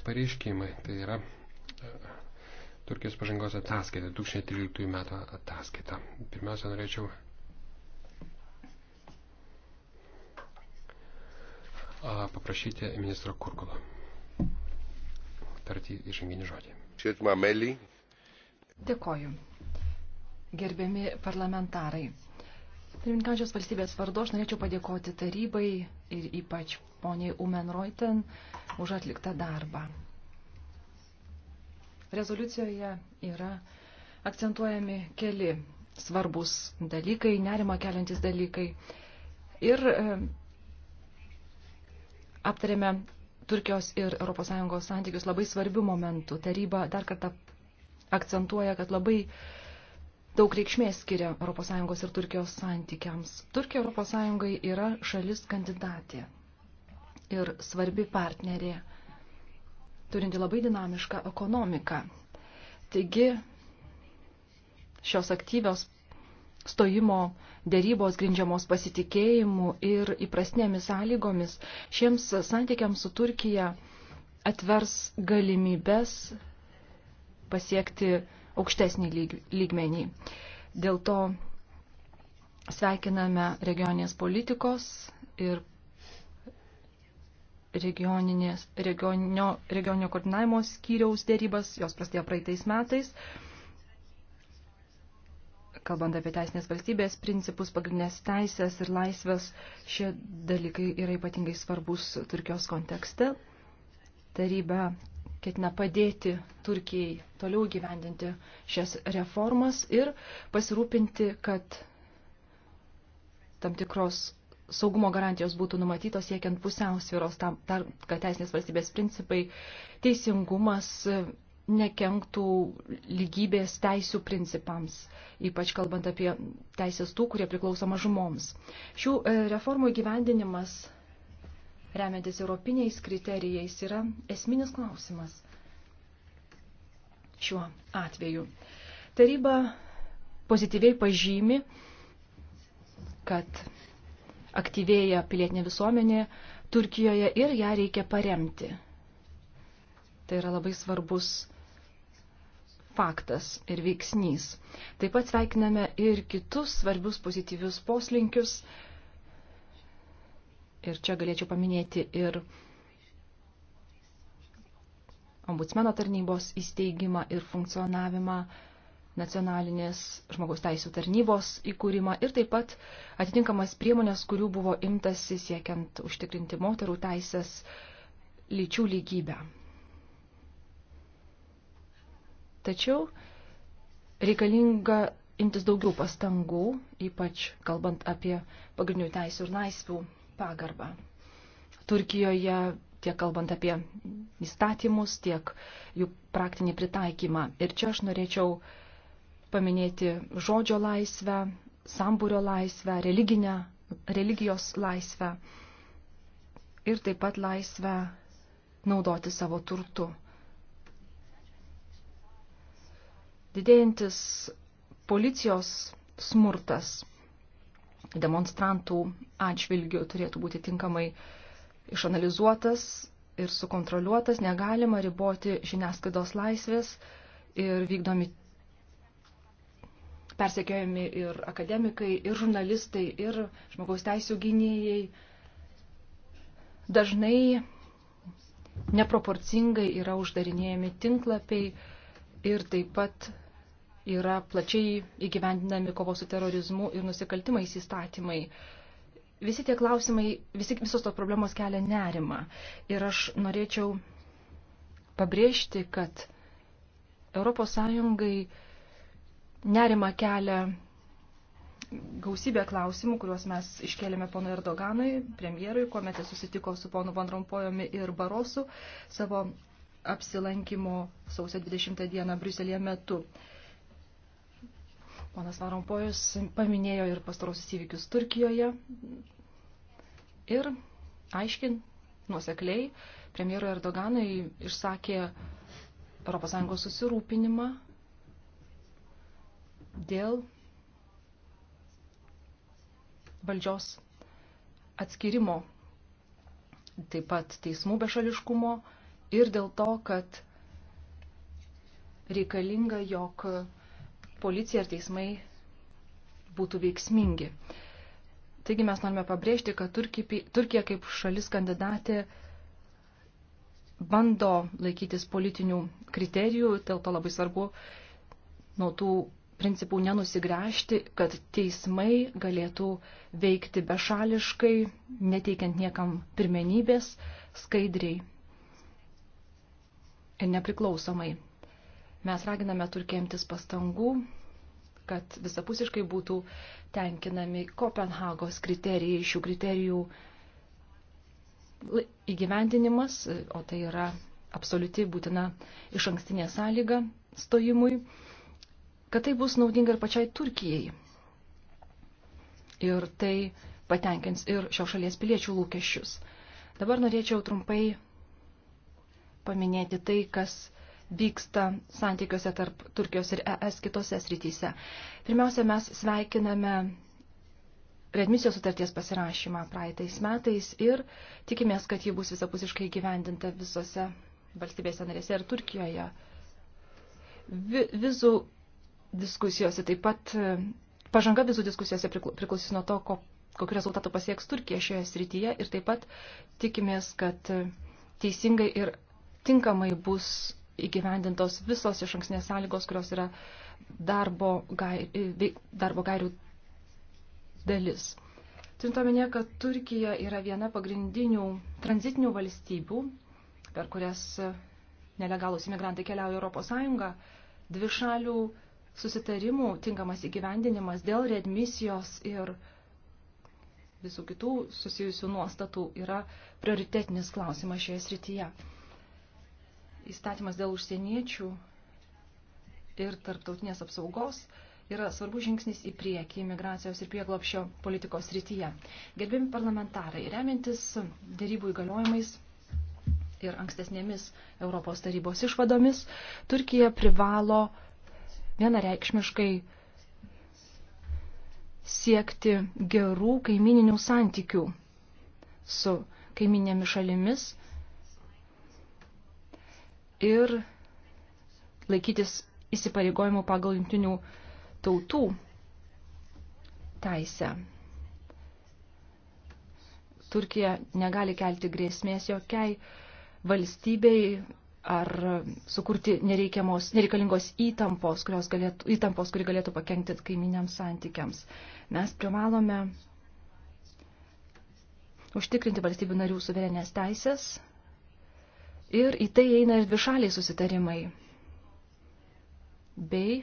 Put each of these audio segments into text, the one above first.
pareiškimai, tai yra e, Turkijos pažangos ataskaita, 2013 metų ataskaita. Pirmiausia, norėčiau paprašyti ministro Kurkulo tarti įžanginį žodį. Dėkoju. Gerbiami parlamentarai. Pirminkančios valstybės vardu aš norėčiau padėkoti tarybai ir ypač poniai Umen Reuten už atliktą darbą. Rezoliucijoje yra akcentuojami keli svarbus dalykai, nerima keliantis dalykai. Ir e, aptarėme Turkijos ir ES santykius labai svarbių momentų. Taryba dar kartą akcentuoja, kad labai daug reikšmės skiria ES ir Turkijos santykiams. Turkija ES yra šalis kandidatė ir svarbi partnerė, turinti labai dinamišką ekonomiką. Taigi šios aktyvios stojimo dėrybos grindžiamos pasitikėjimu ir įprasnėmis sąlygomis šiems santykiams su Turkija atvers galimybės pasiekti aukštesnį lyg, lygmenį. Dėl to sveikiname regionės politikos ir regioninio, regioninio koordinavimo skyriaus dėrybas, jos prasidėjo praeitais metais. Kalbant apie teisinės valstybės principus, pagrindinės teisės ir laisvės, šie dalykai yra ypatingai svarbus Turkijos kontekste. Taryba ketina padėti Turkijai toliau gyvendinti šias reformas ir pasirūpinti, kad tam tikros saugumo garantijos būtų numatytos siekiant pusiausvyros tam, tar, kad teisinės valstybės principai, teisingumas e, nekenktų lygybės teisių principams, ypač kalbant apie teisės tų, kurie priklauso mažumoms. Šių e, reformų įgyvendinimas, remiantis europiniais kriterijais, yra esminis klausimas šiuo atveju. Taryba pozityviai pažymi, kad aktyvėja pilietinė visuomenė Turkijoje ir ją reikia paremti. Tai yra labai svarbus faktas ir veiksnys. Taip pat sveikiname ir kitus svarbius pozityvius poslinkius. Ir čia galėčiau paminėti ir ombudsmeno tarnybos įsteigimą ir funkcionavimą nacionalinės žmogaus teisų tarnybos įkūrimą ir taip pat atitinkamas priemonės, kurių buvo imtasi siekiant užtikrinti moterų teisės lyčių lygybę. Tačiau reikalinga imtis daugiau pastangų, ypač kalbant apie pagrindinių teisų ir laisvių pagarbą. Turkijoje tiek kalbant apie įstatymus, tiek jų praktinį pritaikymą. Ir čia aš norėčiau uh, paminėti žodžio laisvę, sambūrio laisvę, religinę, religijos laisvę ir taip pat laisvę naudoti savo turtu. Didėjantis policijos smurtas demonstrantų atžvilgių turėtų būti tinkamai išanalizuotas ir sukontroliuotas, negalima riboti žiniasklaidos laisvės ir vykdomi persekiojami ir akademikai, ir žurnalistai, ir žmogaus teisų gynėjai. Dažnai neproporcingai yra uždarinėjami tinklapiai ir taip pat yra plačiai įgyvendinami kovos su terorizmu ir nusikaltimais įstatymai. Visi tie klausimai, visi, visos tos problemos kelia nerimą. Ir aš norėčiau pabrėžti, kad ES Nerima kelia gausybė klausimų, kuriuos mes iškėlėme ponui Erdoganui, premjerui, kuomet jis susitiko su ponu Van Rompojumi ir Barosu savo apsilankimo sausio 20 dieną Briuselėje metu. Ponas Van Rompojus paminėjo ir pastarosius įvykius Turkijoje ir aiškin, nuosekliai, premjerui Erdoganui išsakė ES susirūpinimą dėl valdžios atskirimo, taip pat teismų bešališkumo ir dėl to, kad reikalinga, jog policija ir teismai būtų veiksmingi. Taigi mes norime pabrėžti, kad Turkija kaip šalis kandidatė bando laikytis politinių kriterijų, dėl to labai svarbu nuo tų principų nenusigręžti, kad teismai galėtų veikti bešališkai, neteikiant niekam pirmenybės, skaidriai ir nepriklausomai. Mes raginame turkėmtis pastangų, kad visapusiškai būtų tenkinami Kopenhagos kriterijai, šių kriterijų įgyvendinimas, o tai yra absoliuti būtina iš ankstinė sąlyga stojimui kad tai bus naudinga ir pačiai Turkijai. Ir tai patenkins ir šios šalies piliečių lūkesčius. Dabar norėčiau trumpai paminėti tai, kas vyksta santykiuose tarp Turkijos ir ES kitose srityse. Pirmiausia, mes sveikiname redmisijos sutarties pasirašymą praeitais metais ir tikimės, kad ji bus visapusiškai gyvendinta visose valstybėse narėse ir Turkijoje. Vi, vizų diskusijose, taip pat e, pažanga vizų diskusijose priklausys nuo to, kokiu rezultatu pasieks Turkija šioje srityje ir taip pat tikimės, kad e, teisingai ir tinkamai bus įgyvendintos visos iš anksnės sąlygos, kurios yra darbo, gair, e, darbo gairių dalis. Turint omenyje, kad Turkija yra viena pagrindinių tranzitinių valstybių, per kurias nelegalus imigrantai keliauja Europos Sąjungą, dvi šalių susitarimų tinkamas įgyvendinimas dėl readmisijos ir visų kitų susijusių nuostatų yra prioritetinis klausimas šioje srityje. Įstatymas dėl užsieniečių ir tarptautinės apsaugos yra svarbus žingsnis į priekį imigracijos ir prieglopšio politikos srityje. Gerbimi parlamentarai, remiantis dėrybų įgaliojimais ir ankstesnėmis Europos tarybos išvadomis, Turkija privalo uh, vienareikšmiškai siekti gerų kaimininių santykių su kaiminėmis šalimis ir laikytis įsipareigojimų pagal jungtinių tautų teisę. Turkija negali kelti grėsmės jokiai valstybei ar sukurti nereikalingos įtampos, galėtų, įtampos, kuri galėtų pakengti kaiminiams santykiams. Mes privalome užtikrinti valstybių narių suverenės teisės ir į tai eina ir dvišaliai susitarimai bei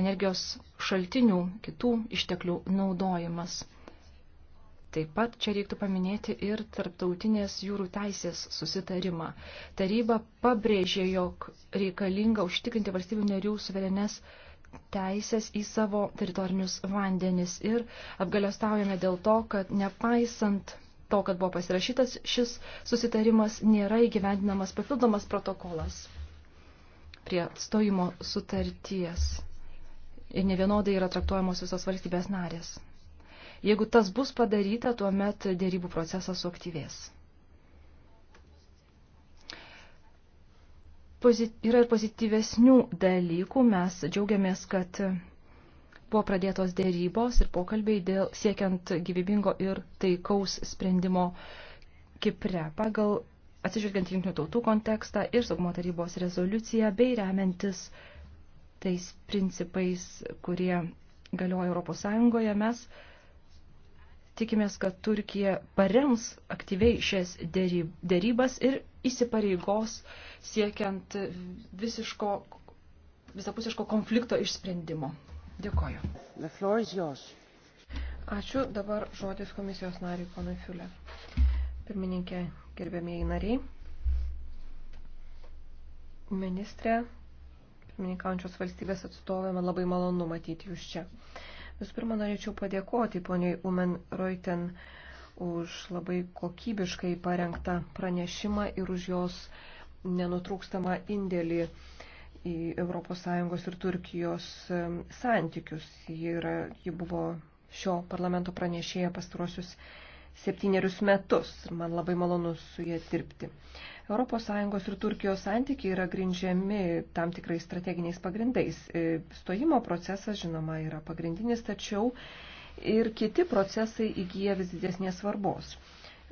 energijos šaltinių kitų išteklių naudojimas. Taip pat čia reiktų paminėti ir tarptautinės jūrų teisės susitarimą. Taryba pabrėžė, jog reikalinga užtikrinti valstybių narių suverenes teisės į savo teritorinius vandenis ir apgalestaujame dėl to, kad nepaisant to, kad buvo pasirašytas šis susitarimas, nėra įgyvendinamas papildomas protokolas prie stojimo sutarties ir nevienodai yra traktuojamos visos valstybės narės. Jeigu tas bus padaryta, tuomet dėrybų procesas suaktyvės. Pozit, yra ir pozityvesnių dalykų. Mes džiaugiamės, kad buvo pradėtos dėrybos ir pokalbiai dėl siekiant gyvybingo ir taikaus sprendimo Kipre pagal atsižvelgiant jungtinių tautų kontekstą ir saugumo tarybos rezoliuciją bei remiantis tais principais, kurie galioja Europos Sąjungoje, mes Tikimės, kad Turkija parems aktyviai šias dėrybas ir įsipareigos siekiant visiško, visapusiško konflikto išsprendimo. Dėkoju. Ačiū. Dabar žodis komisijos nariui ponui Fiulė. Pirmininkė, gerbėmėjai nariai, ministrė, pirmininkaujančios valstybės atstovė, man labai malonu matyti jūs čia. Visų pirma, norėčiau padėkoti poniai Umen Reuten už labai kokybiškai parengtą pranešimą ir už jos nenutrūkstamą indėlį į ES ir Turkijos santykius. Ji, yra, ji buvo šio parlamento pranešėja pastrosius septynerius metus. Man labai malonu su jie dirbti. ES ir Turkijos santykiai yra grindžiami tam tikrais strateginiais pagrindais. E, stojimo procesas, žinoma, yra pagrindinis, tačiau ir kiti procesai įgyja vis didesnės svarbos.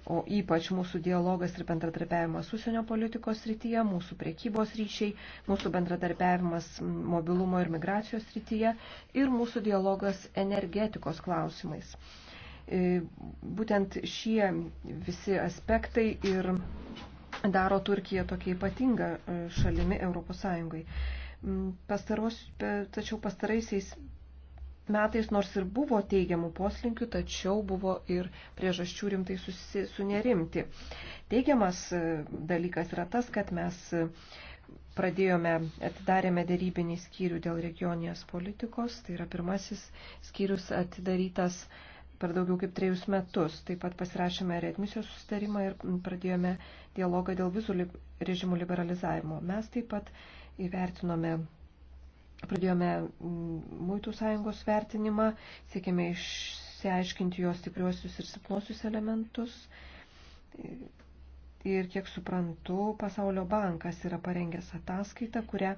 O ypač mūsų dialogas ir bendradarbiavimas užsienio politikos rytyje, mūsų priekybos ryšiai, mūsų bendradarbiavimas mobilumo ir migracijos rytyje ir mūsų dialogas energetikos klausimais. E, būtent šie visi aspektai ir daro Turkiją tokia ypatinga e, šalimi Europos Sąjungai. Mm, pastaros, tačiau pastaraisiais metais nors ir buvo teigiamų poslinkių, tačiau buvo ir priežasčių rimtai susi, sunerimti. Teigiamas e, dalykas yra tas, kad mes e, pradėjome, atidarėme dėrybinį skyrių dėl regioninės politikos, tai yra pirmasis skyrius atidarytas per daugiau kaip trejus metus. Taip pat pasirašėme readmisijos sustarimą ir pradėjome dialogą dėl vizų li režimų liberalizavimo. Mes taip pat įvertinome, pradėjome mm, Muitų sąjungos vertinimą, siekėme išsiaiškinti jos stipriuosius ir silpnuosius elementus. Ir kiek suprantu, Pasaulio bankas yra parengęs ataskaitą, kurią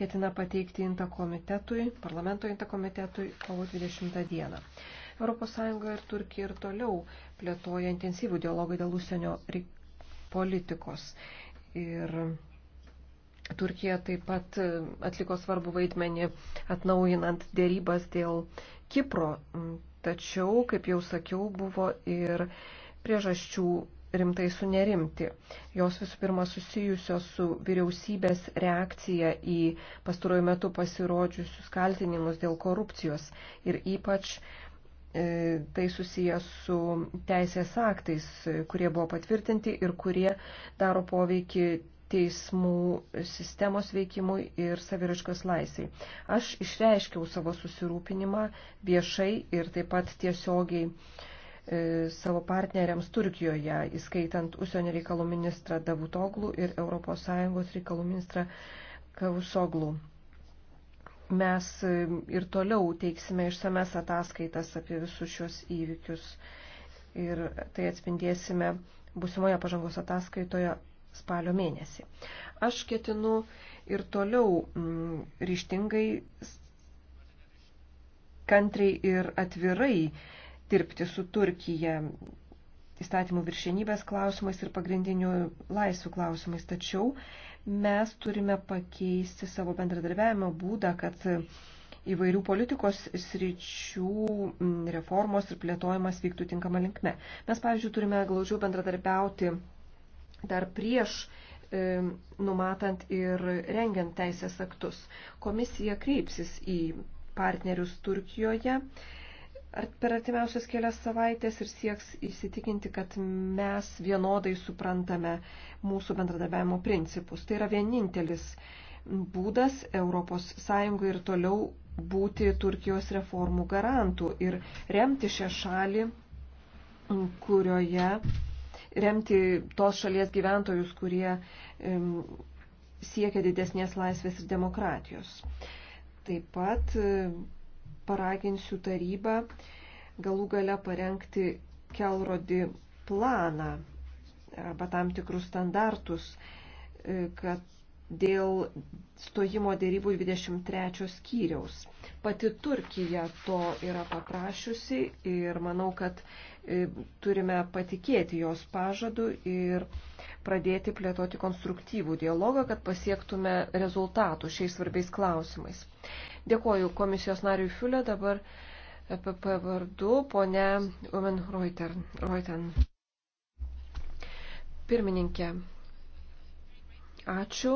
ketina pateikti Inta komitetui, parlamento Inta komitetui kovo 20 dieną. ES ir Turkija ir toliau plėtoja intensyvų dialogą dėl užsienio politikos. Ir Turkija taip pat e, atliko svarbu vaidmenį atnaujinant dėrybas dėl Kipro, mm, tačiau, kaip jau sakiau, buvo ir priežasčių rimtai sunerimti. Jos visų pirma susijusios su vyriausybės reakcija į pastaruoju metu pasirodžiusius kaltinimus dėl korupcijos ir ypač E, tai susijęs su teisės aktais, kurie buvo patvirtinti ir kurie daro poveikį teismų sistemos veikimui ir saviraškos laisvai. Aš išreiškiau savo susirūpinimą viešai ir taip pat tiesiogiai e, savo partneriams Turkijoje, įskaitant užsienio reikalų ministrą Davutoglų ir ES reikalų ministrą Kavusoglų mes e, ir toliau teiksime išsames ataskaitas apie visus šios įvykius ir tai atspindėsime būsimoje pažangos ataskaitoje spalio mėnesį. Aš ketinu ir toliau m, mm, ryštingai, kantriai ir atvirai dirbti su Turkija įstatymų viršenybės klausimais ir pagrindinių laisvių klausimais, tačiau mes turime pakeisti savo bendradarbiavimo būdą, kad įvairių politikos sričių reformos ir plėtojimas vyktų tinkama linkme. Mes, pavyzdžiui, turime glaudžiau bendradarbiauti dar prieš e, numatant ir rengiant teisės aktus. Komisija kreipsis į partnerius Turkijoje, e, per artimiausias kelias savaitės ir sieks įsitikinti, kad mes vienodai suprantame mūsų bendradarbiavimo principus. Tai yra vienintelis būdas ES ir toliau būti Turkijos reformų garantų ir remti šią šalį, kurioje remti tos šalies gyventojus, kurie um, siekia didesnės laisvės ir demokratijos. Taip pat um, paraginsiu tarybą galų gale parengti kelrodį planą arba tam tikrus standartus, e, kad dėl stojimo dėrybų 23 skyriaus. Pati Turkija to yra paprašiusi ir manau, kad e, turime patikėti jos pažadu ir pradėti plėtoti konstruktyvų dialogą, kad pasiektume rezultatų šiais svarbiais klausimais. Dėkoju komisijos nariui Fiulė, dabar PP e vardu ponė Umen Reuten. Pirmininkė, ačiū.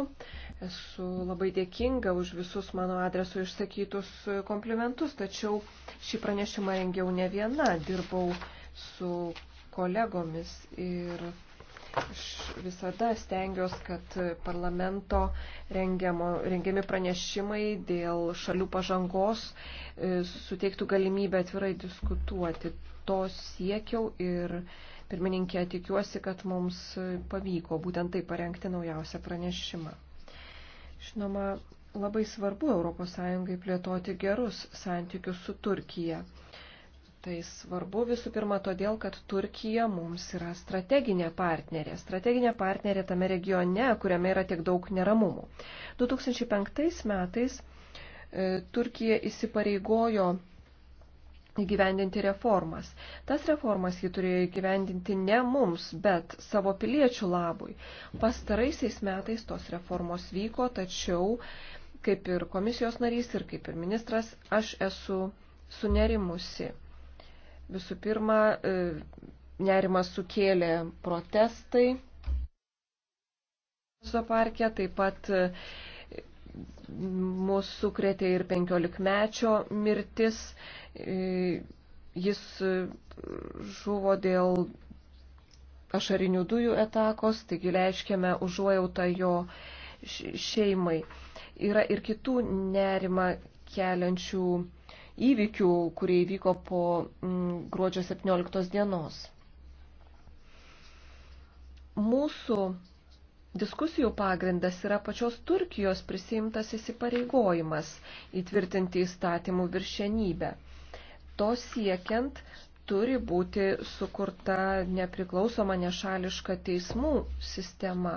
Esu labai dėkinga už visus mano adresu išsakytus komplimentus, tačiau šį pranešimą rengiau ne viena, dirbau su kolegomis ir Aš visada stengiuosi, kad parlamento rengiamo, rengiami pranešimai dėl šalių pažangos e, suteiktų galimybę atvirai diskutuoti. To siekiau ir pirmininkė tikiuosi, kad mums pavyko būtent tai parengti naujausią pranešimą. Žinoma, labai svarbu ES plėtoti gerus santykius su Turkija. Tai svarbu visų pirma todėl, kad Turkija mums yra strateginė partnerė. Strateginė partnerė tame regione, kuriame yra tiek daug neramumų. 2005 metais e, Turkija įsipareigojo įgyvendinti reformas. Tas reformas jį turėjo įgyvendinti ne mums, bet savo piliečių labui. Pastaraisiais metais tos reformos vyko, tačiau, kaip ir komisijos narys ir kaip ir ministras, aš esu sunerimusi. Visų pirma, e, nerimas sukėlė protestai Oso parke, taip pat e, mūsų sukrėtė ir penkiolikmečio mirtis. E, jis žuvo dėl ašarinių dujų etakos, taigi leiškėme užuojautą jo šeimai. Yra ir kitų nerima keliančių įvykių, kurie įvyko po mm, gruodžio 17 dienos. Mūsų diskusijų pagrindas yra pačios Turkijos prisimtas įsipareigojimas įtvirtinti įstatymų viršenybę. To siekiant turi būti sukurta nepriklausoma nešališka teismų sistema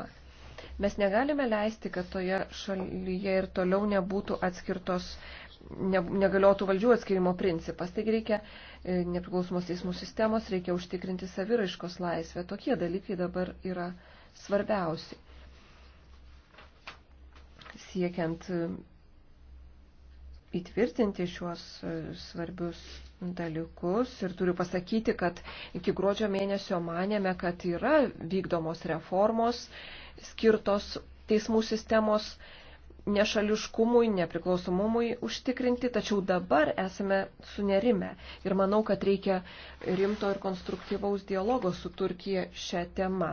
mes negalime leisti, kad toje šalyje ir toliau nebūtų atskirtos negaliotų valdžių atskirimo principas. Taigi reikia e, nepriklausomos teismų sistemos, reikia užtikrinti saviraiškos laisvę. Tokie dalykai dabar yra svarbiausi. Siekiant e, įtvirtinti šiuos e, svarbius dalykus ir turiu pasakyti, kad iki gruodžio mėnesio manėme, kad yra vykdomos reformos skirtos teismų sistemos nešališkumui, nepriklausomumui užtikrinti, tačiau dabar esame sunerime ir manau, kad reikia rimto ir konstruktyvaus dialogo su Turkija šią temą.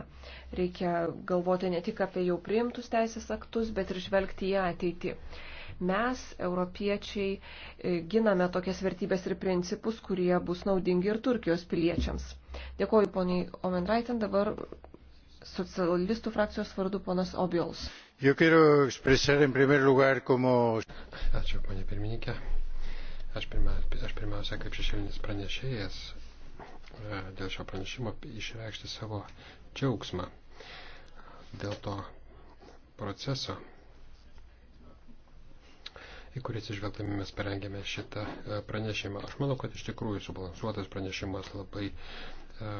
Reikia galvoti ne tik apie jau priimtus teisės aktus, bet ir žvelgti į ateitį. Mes, europiečiai, e, giname tokias vertybės ir principus, kurie bus naudingi ir Turkijos piliečiams. Dėkoju poniai Omenraitin, dabar socialistų frakcijos vardu ponas Obiols. Yo quiero expresar en primer lugar como. Ačiū, ponė pirmininkė. Aš, pirmia, aš pirmiausia, kaip šešėlinis pranešėjas, e, dėl šio pranešimo išreikšti savo džiaugsmą dėl to proceso, į kurį atsižvelgdami mes parengėme šitą e, pranešimą. Aš manau, kad iš tikrųjų subalansuotas pranešimas labai e,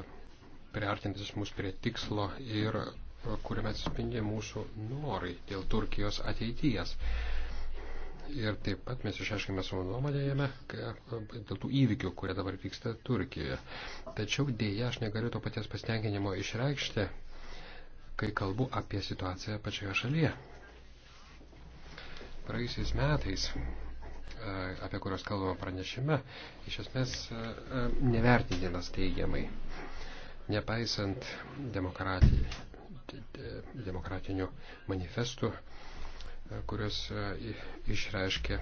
priartintis mus prie tikslo ir kuriame atsispindi mūsų norai dėl Turkijos ateities. Ir taip pat mes išaiškime savo nuomonę jame dėl tų įvykių, kurie dabar vyksta Turkijoje. Tačiau dėja aš negaliu to paties pasitenkinimo išreikšti, kai kalbu apie situaciją pačioje šalyje. Praėjusiais metais, apie kurios kalbama pranešime, iš esmės nevertintinas teigiamai, nepaisant demokratijai demokratinių manifestų, kuriuos e, išreiškė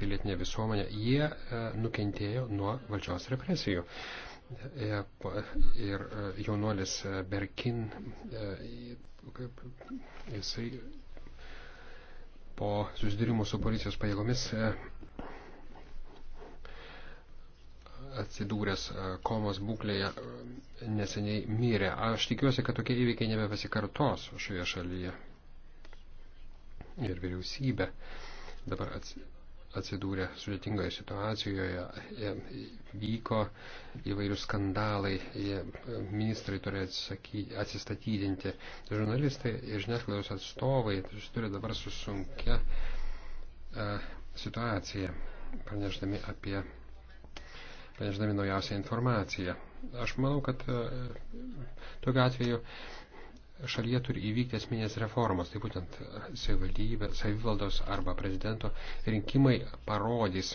pilietinė visuomenė, jie e, nukentėjo nuo valdžios represijų. E, ir jaunuolis Berkin, jisai po susidūrimų su policijos pajėgomis atsidūręs e, komos būklėje e, neseniai mirė. Aš tikiuosi, kad tokie įvykiai nebepasikartos šioje šalyje. Ir vyriausybė dabar atsidūrė sudėtingoje situacijoje, e, vyko įvairius skandalai, ministrai turi atsistatydinti, žurnalistai ir žiniasklaidos atstovai turi dabar susunkę situaciją, pranešdami apie paneždami naujausią informaciją. Aš manau, kad e, tokiu atveju šalyje turi įvykti esminės reformos, tai būtent e, savivaldos arba prezidento rinkimai parodys,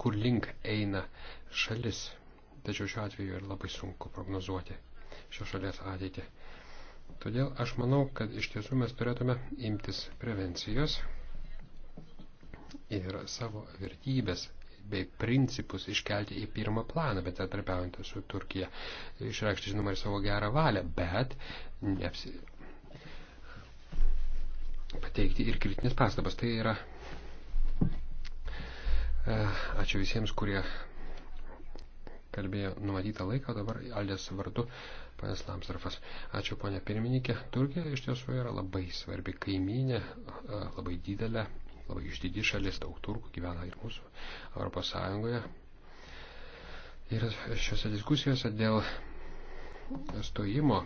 kur link eina šalis. Tačiau šiuo atveju yra labai sunku prognozuoti šios šalies ateitį. Todėl aš manau, kad iš tiesų mes turėtume imtis prevencijos ir savo vertybės bei principus iškelti į pirmą planą, bet atrapiaujant su Turkija. Išreikšti, žinoma, ir savo gerą valią, bet neapsi... pateikti ir kritinės pastabas. Tai yra. E, ačiū visiems, kurie kalbėjo numatytą laiką, dabar Aldės vardu panas Lamsdorfas. Ačiū ponė pirmininkė. Turkija iš tiesų yra labai svarbi kaiminė, e, labai didelė labai išdidi šalis, daug turkų gyvena ir mūsų Europos Sąjungoje. Ir šiuose diskusijose dėl stojimo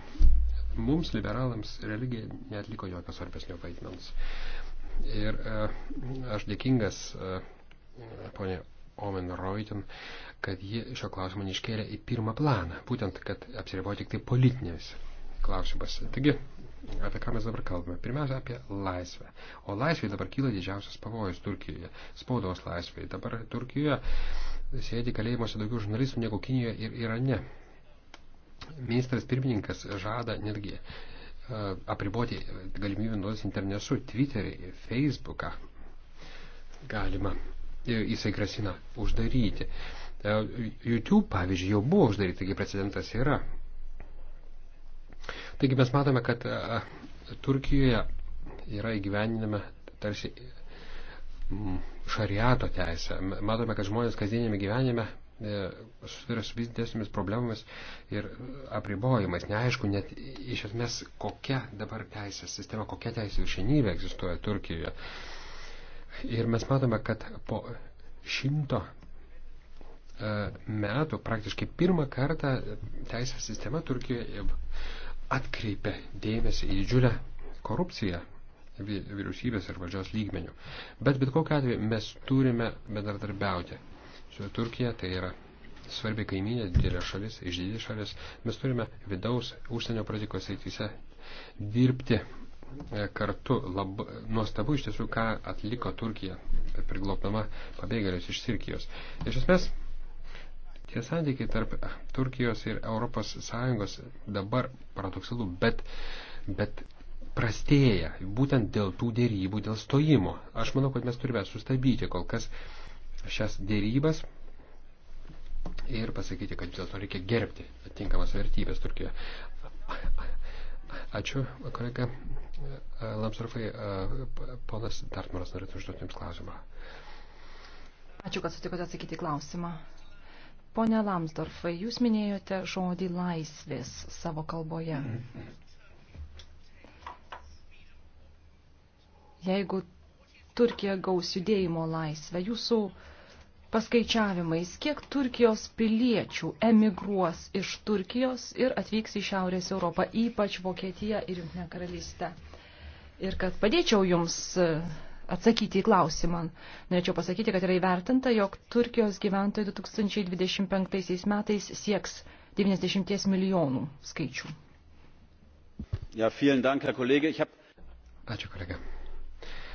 mums, liberalams, religija netliko jokio svarbesnio vaidmens. Ir e, aš dėkingas e, ponė Omen Reutin, kad ji šio klausimo neiškėlė į pirmą planą, būtent, kad apsiribuoja tik tai politinės klausimas. Taigi, apie ką mes dabar kalbame. Pirmiausia, apie laisvę. O laisvėje dabar kyla didžiausias pavojus Turkijoje. Spaudos laisvėje. Dabar Turkijoje sėdi kalėjimuose daugiau žurnalistų negu Kinijoje ir Irane. Ministras pirmininkas žada netgi e, apriboti galimybę naudotis internetu, Twitterį, Facebooką. Galima. Jisai grasina uždaryti. E, YouTube, pavyzdžiui, jau buvo uždaryti, taigi precedentas yra. Taigi mes matome, kad e, Turkijoje yra įgyvendinama tarsi šariato teisė. Matome, kad žmonės kasdienėme gyvenime e, susiduria su vis didesnėmis problemomis ir apribojimais. Neaišku, net iš esmės, kokia dabar teisės sistema, kokia teisė viršenybė egzistuoja Turkijoje. Ir mes matome, kad po šimto e, metų praktiškai pirmą kartą teisės sistema Turkijoje atkreipia dėmesį į didžiulę korupciją vyriausybės ir valdžios lygmenių. Bet bet kokiu atveju mes turime bendradarbiauti su Turkija, tai yra svarbi kaiminė, didelė šalis, išdidė šalis. Mes turime vidaus užsienio politikos srityse dirbti e, kartu. Lab, nuostabu iš tiesų, ką atliko Turkija priglopdama pabėgėlius iš Sirkijos. Iš esmės, Tie santykiai tarp Turkijos ir ES dabar paradoksalu, bet, bet prastėja būtent dėl tų dėrybų, dėl stojimo. Aš manau, kad mes turime sustabdyti kol kas šias dėrybas ir pasakyti, kad vis dėlto reikia gerbti atinkamas vertybės Turkijoje. Ačiū, kolega e, Lamsarfai. E, ponas Dartmaras norėtų užduoti Jums klausimą. Ačiū, kad sutikote atsakyti klausimą. Pone Lamsdorfai, jūs minėjote žodį laisvės savo kalboje. Jeigu Turkija gaus judėjimo laisvę, jūsų paskaičiavimais, kiek Turkijos piliečių emigruos iš Turkijos ir atvyks į Šiaurės Europą, ypač Vokietiją ir Junktinę karalystę. Ir kad padėčiau jums atsakyti į klausimą. Norėčiau pasakyti, kad yra įvertinta, jog Turkijos gyventojai 2025 metais sieks 90 milijonų skaičių. Ja, dank, Herr ich hab... Ačiū, kolega.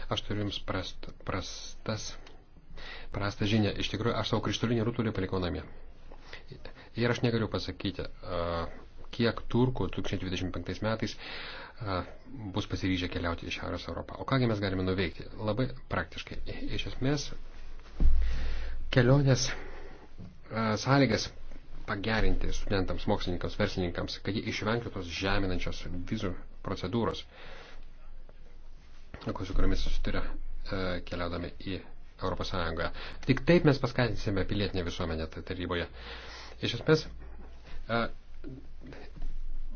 Aš turiu Jums prast, prastas, prastą žinią. Iš tikrųjų, aš savo krištolinį rutulį palikau namie. Ir aš negaliu pasakyti, kiek turkų 2025 metais bus pasiryžę keliauti į Šiaurės Europą. O kągi mes galime nuveikti? Labai praktiškai. Iš esmės, kelionės sąlygas pagerinti studentams, mokslininkams, verslininkams, kad jie išvengtų tos žeminančios vizų procedūros, su kuriomis susituria keliaudami į Europos Sąjungoje. Tik taip mes paskatinsime pilietinę visuomenę tai taryboje. Iš esmės,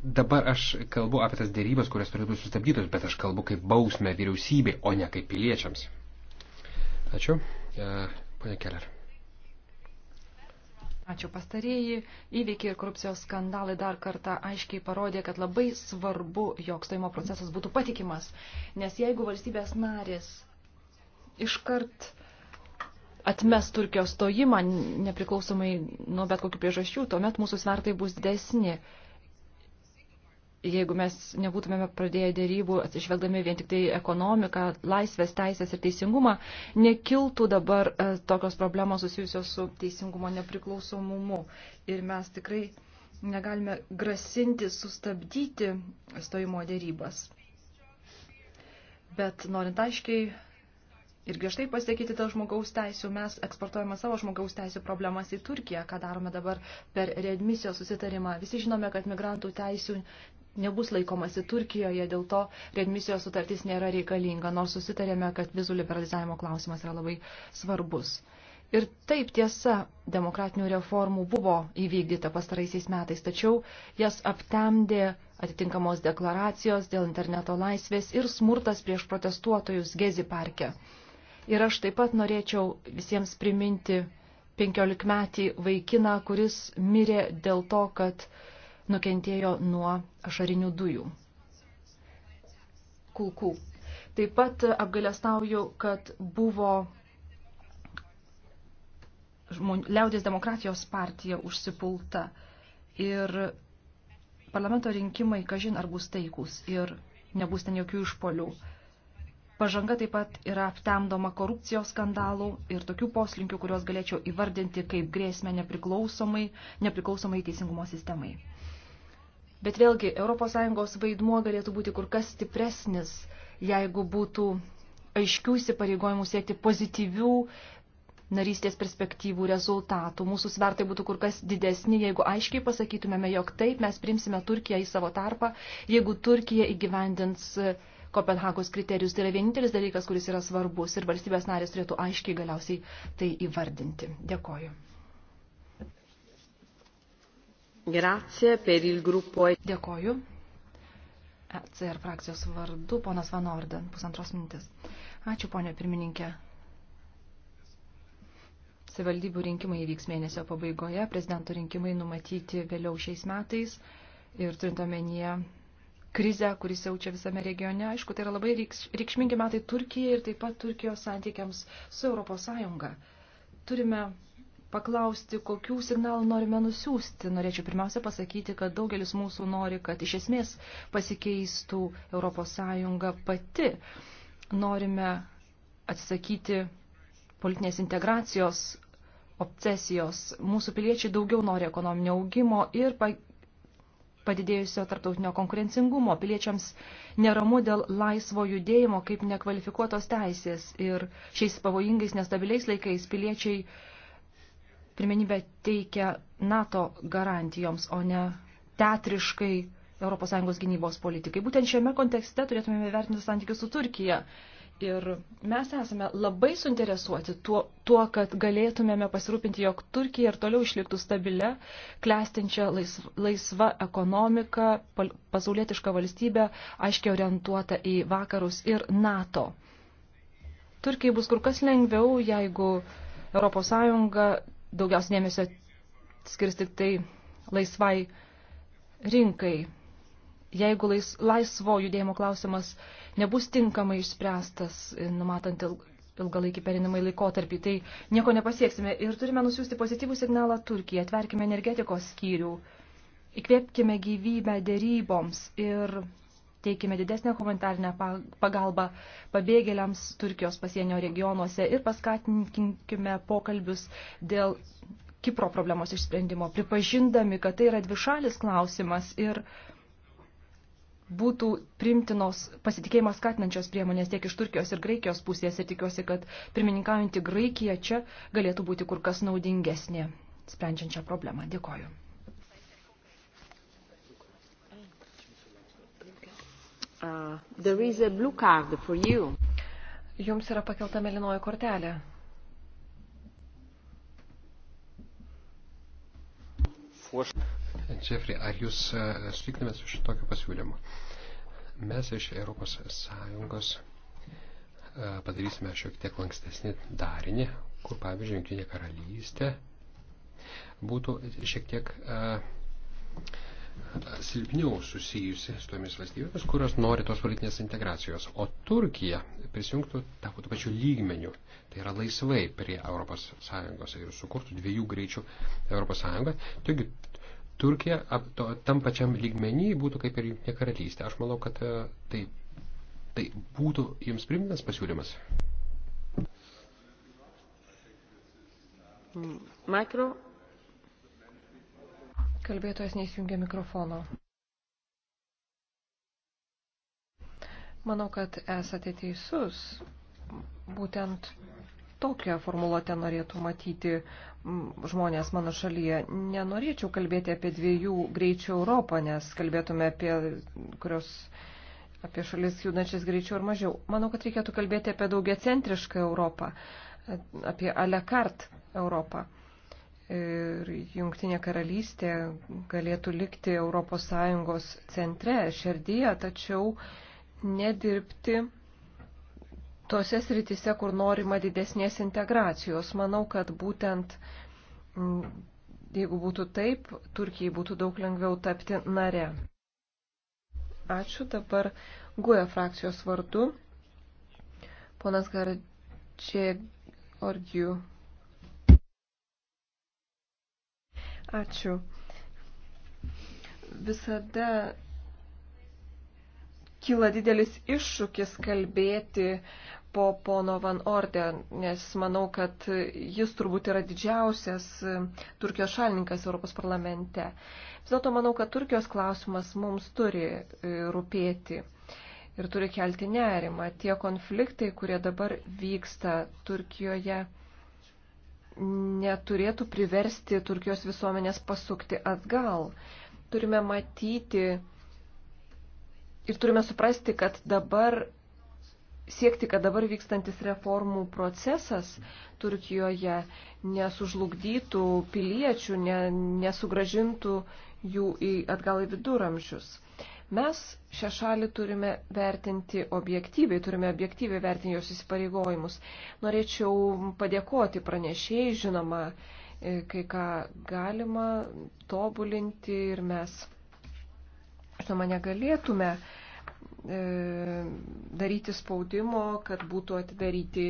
dabar aš kalbu apie tas dėrybas, kurios turėtų būti sustabdytos, bet aš kalbu kaip bausmę vyriausybei, o ne kaip piliečiams. Ačiū. Pane Keller. Ačiū pastarėjai. Įvykiai ir korupcijos skandalai dar kartą aiškiai parodė, kad labai svarbu, jog stojimo procesas būtų patikimas. Nes jeigu valstybės narės iškart atmes Turkijos stojimą, nepriklausomai nuo bet kokių priežasčių, tuomet mūsų svertai bus didesni jeigu mes nebūtumėme pradėję dėrybų, atsižvelgdami vien tik tai ekonomiką, laisvės, teisės ir teisingumą, nekiltų dabar e, tokios problemos susijusios su teisingumo nepriklausomumu. Ir mes tikrai negalime grasinti sustabdyti stojimo dėrybas. Bet norint aiškiai ir griežtai pasakyti dėl žmogaus teisų. Mes eksportuojame savo žmogaus teisų problemas į Turkiją, ką darome dabar per readmisijos susitarimą. Visi žinome, kad migrantų teisų nebus laikomasi Turkijoje, dėl to readmisijos sutartis nėra reikalinga, nors susitarėme, kad vizų liberalizavimo klausimas yra labai svarbus. Ir taip tiesa, demokratinių reformų buvo įvykdyta pastaraisiais metais, tačiau jas aptemdė atitinkamos deklaracijos dėl interneto laisvės ir smurtas prieš protestuotojus Gezi parke. Ir aš taip pat norėčiau visiems priminti 15-metį vaikiną, kuris mirė dėl to, kad nukentėjo nuo ašarinių dujų. Kulkų. Taip pat apgailestauju, kad buvo liaudės demokratijos partija užsipulta ir parlamento rinkimai, kažin ar bus taikus ir nebus ten jokių išpolių. Pažanga taip pat yra aptemdoma korupcijos skandalų ir tokių poslinkių, kuriuos galėčiau įvardinti kaip grėsmę nepriklausomai, nepriklausomai teisingumo sistemai. Bet vėlgi, ES vaidmuo galėtų būti kur kas stipresnis, jeigu būtų aiškių įsipareigojimų siekti pozityvių narystės perspektyvų rezultatų. Mūsų svertai būtų kur kas didesni, jeigu aiškiai pasakytumėme, jog taip mes primsime Turkiją į savo tarpą, jeigu Turkija įgyvendins uh, Kopenhagos kriterijus. Tai yra vienintelis dalykas, kuris yra svarbus ir valstybės narės turėtų aiškiai galiausiai tai įvardinti. Dėkoju. Grazie per il gruppo. E Dėkoju. ECR frakcijos vardu, ponas Van Orden, pusantros minutės. Ačiū, ponė pirmininkė. Savivaldybių rinkimai įvyks mėnesio pabaigoje, prezidento rinkimai numatyti vėliau šiais metais ir turint omenyje krizę, kuris jaučia visame regione. Aišku, tai yra labai reikšmingi metai Turkijai ir taip pat Turkijos santykiams su Europos Sąjunga. Turime paklausti, kokių signalų norime nusiųsti. Norėčiau pirmiausia pasakyti, kad daugelis mūsų nori, kad iš esmės pasikeistų Europos Sąjunga pati. Norime atsisakyti politinės integracijos obsesijos. Mūsų piliečiai daugiau nori ekonominio augimo ir padidėjusio tarptautinio konkurencingumo, piliečiams neramu dėl laisvo judėjimo kaip nekvalifikuotos teisės ir šiais pavojingais nestabiliais laikais piliečiai pirmenybę teikia NATO garantijoms, o ne teatriškai ES gynybos politikai. Būtent šiame kontekste turėtumėme vertinti santykius su Turkija. Ir mes esame labai suinteresuoti tuo, tuo, kad galėtumėme pasirūpinti, jog Turkija ir toliau išliktų stabilę, klestinčią laisv, laisvą ekonomiką, pasaulietišką valstybę, aiškiai orientuotą į vakarus ir NATO. Turkijai bus kur kas lengviau, jeigu ES daugiausiai dėmesio skirs tik tai laisvai rinkai. Jeigu lais, laisvo judėjimo klausimas nebus tinkamai išspręstas, e, numatant ilgalaikį perinamai laikotarpį, tai nieko nepasieksime. Ir turime nusiųsti pozityvų signalą Turkijai, atverkime energetikos skyrių, įkvėpkime gyvybę dėryboms ir teikime didesnę humanitarinę pagalbą pabėgėliams Turkijos pasienio regionuose ir paskatinkime pokalbius dėl Kipro problemos išsprendimo, pripažindami, kad tai yra dvišalis klausimas ir būtų primtinos pasitikėjimą skatinančios priemonės tiek iš Turkijos ir Graikijos pusės ir tikiuosi, kad pirmininkaujantį Graikiją čia galėtų būti kur kas naudingesnė sprendžiant šią problemą. Dėkoju. Uh, Jums yra pakelta melinoji kortelė. Forse. Jeffrey, ar jūs e, sutiktumėt su šitokiu pasiūlymu? Mes iš Europos Sąjungos e, padarysime šiek tiek lankstesnį darinį, kur, pavyzdžiui, Junktinė karalystė būtų šiek tiek e, silpniau susijusi su tomis valstybėmis, kurios nori tos politinės integracijos. O Turkija prisijungtų tų pačių lygmenių, tai yra laisvai prie ES ir sukurtų dviejų greičių ES. Taigi Turkija ap, to, tam pačiam lygmenį būtų kaip ir jungtinė karalystė. Aš manau, kad e, tai, tai būtų jums primtinas pasiūlymas. Mikro. Kalbėtojas neįsijungia mikrofono. Manau, kad esate teisus. Būtent tokią formuluotę norėtų matyti žmonės mano šalyje. Nenorėčiau kalbėti apie dviejų greičių Europą, nes kalbėtume apie kurios apie šalis judančias greičiau ir mažiau. Manau, kad reikėtų kalbėti apie daugiacentrišką Europą, apie alekart Europą. Ir jungtinė karalystė galėtų likti ES centre, šerdyje, tačiau nedirbti tose sritise, kur norima didesnės integracijos. Manau, kad būtent, mm, jeigu būtų taip, Turkijai būtų daug lengviau tapti nare. Ačiū dabar GUE frakcijos vardu. Ponas Gardžė Orgijų. Ačiū. Visada kyla didelis iššūkis kalbėti po pono Van Orde, nes manau, kad jis turbūt yra didžiausias e, Turkijos šalininkas Europos parlamente. Vis dėlto manau, kad Turkijos klausimas mums turi e, rūpėti ir turi kelti nerimą. Tie konfliktai, kurie dabar vyksta Turkijoje, neturėtų priversti Turkijos visuomenės pasukti atgal. Turime matyti ir turime suprasti, kad dabar siekti, kad dabar vykstantis reformų procesas Turkijoje nesužlugdytų piliečių, ne, nesugražintų jų į, atgal į viduramžius. Mes šią šalį turime vertinti objektyviai, turime objektyviai vertinti jos įsipareigojimus. Norėčiau padėkoti pranešėjai, žinoma, e, kai ką galima tobulinti ir mes, žinoma, negalėtume uh, E, daryti spaudimo, kad būtų atidaryti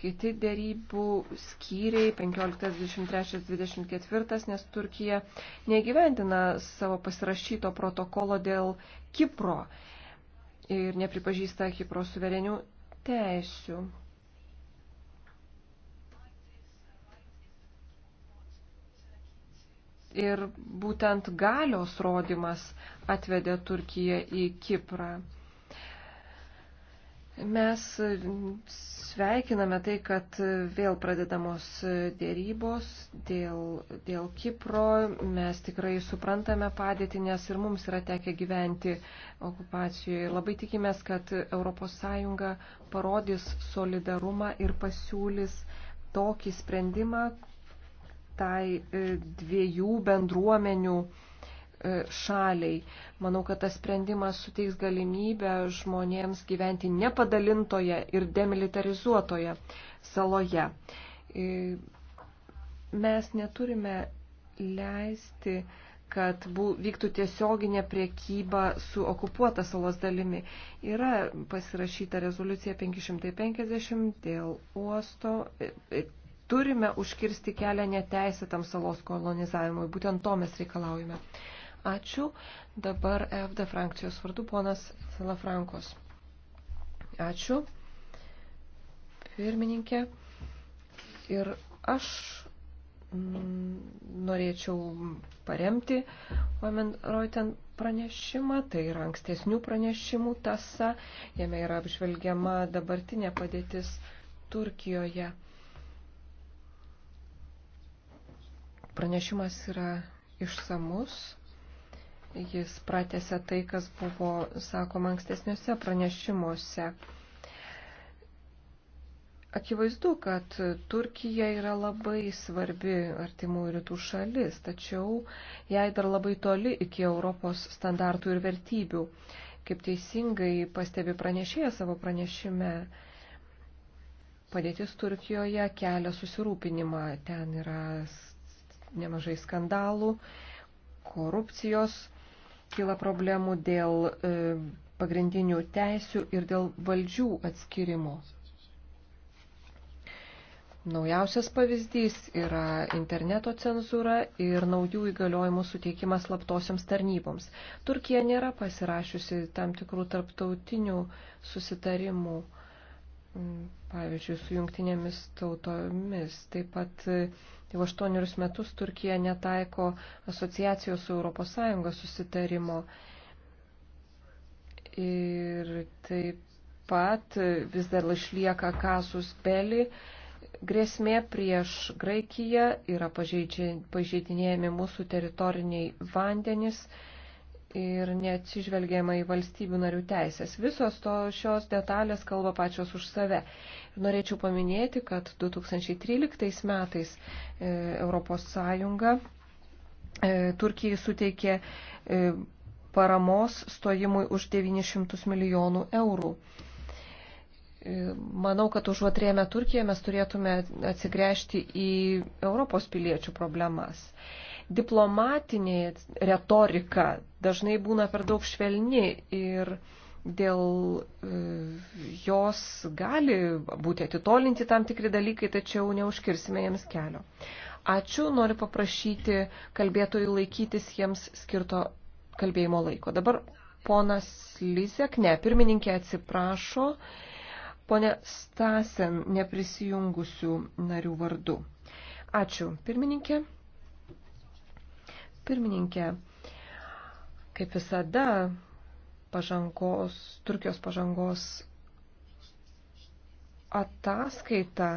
kiti dėrybų skyriai 15.23.24, nes Turkija negyvendina savo pasirašyto protokolo dėl Kipro ir nepripažįsta Kipro suverenių teisių. Ir būtent galios rodimas atvedė Turkiją į Kiprą. Mes sveikiname tai, kad vėl pradedamos dėrybos dėl, dėl Kipro. Mes tikrai suprantame padėtį, nes ir mums yra tekę gyventi okupacijoje. Labai tikimės, kad ES parodys solidarumą ir pasiūlys tokį sprendimą tai e, dviejų bendruomenių E, šaliai. Manau, kad tas sprendimas suteiks galimybę žmonėms gyventi nepadalintoje ir demilitarizuotoje saloje. E, mes neturime leisti, kad vyktų tiesioginė priekyba su okupuota salos dalimi. Yra pasirašyta rezoliucija 550 dėl uosto e, turime užkirsti kelią neteisėtam salos kolonizavimui. Būtent to mes reikalaujame. Ačiū. Dabar FD frakcijos vardu ponas Salafrankos. Ačiū. Pirmininkė. Ir aš mm, norėčiau paremti Omen Reuten pranešimą, tai yra ankstesnių pranešimų tasa, jame yra apžvelgiama dabartinė padėtis Turkijoje. Pranešimas yra išsamus, Jis pratėse tai, kas buvo sakoma ankstesniuose pranešimuose. Akivaizdu, kad Turkija yra labai svarbi artimų rytų šalis, tačiau jai dar labai toli iki Europos standartų ir vertybių. Kaip teisingai pastebi pranešėja savo pranešime, padėtis Turkijoje kelia susirūpinimą. Ten yra nemažai skandalų, korupcijos kyla problemų dėl e, pagrindinių teisių ir dėl valdžių atskirimo. Naujausias pavyzdys yra interneto cenzūra ir naujų įgaliojimų suteikimas slaptosioms tarnyboms. Turkija nėra pasirašiusi tam tikrų tarptautinių susitarimų pavyzdžiui, su jungtinėmis tautomis. Taip pat jau aštuonius metus Turkija netaiko asociacijos su ES susitarimo. Ir taip pat vis dar išlieka kasus peli. Grėsmė prieš Graikiją yra pažeidinėjami mūsų teritoriniai vandenys ir neatsižvelgiama į valstybių narių teisės. Visos to šios detalės kalba pačios už save. Ir norėčiau paminėti, kad 2013 metais e, Europos Sąjunga e, Turkijai suteikė e, paramos stojimui už 900 milijonų eurų. E, manau, kad užuot rėmę Turkiją mes turėtume atsigręžti į Europos piliečių problemas diplomatinė retorika dažnai būna per daug švelni ir dėl e, jos gali būti atitolinti tam tikri dalykai, tačiau neužkirsime jiems kelio. Ačiū, noriu paprašyti kalbėtojų laikytis jiems skirto kalbėjimo laiko. Dabar ponas Lysek, ne, pirmininkė atsiprašo, ponė Stasen neprisijungusių narių vardu. Ačiū, pirmininkė pirmininkė. Kaip visada, pažangos, Turkijos pažangos ataskaita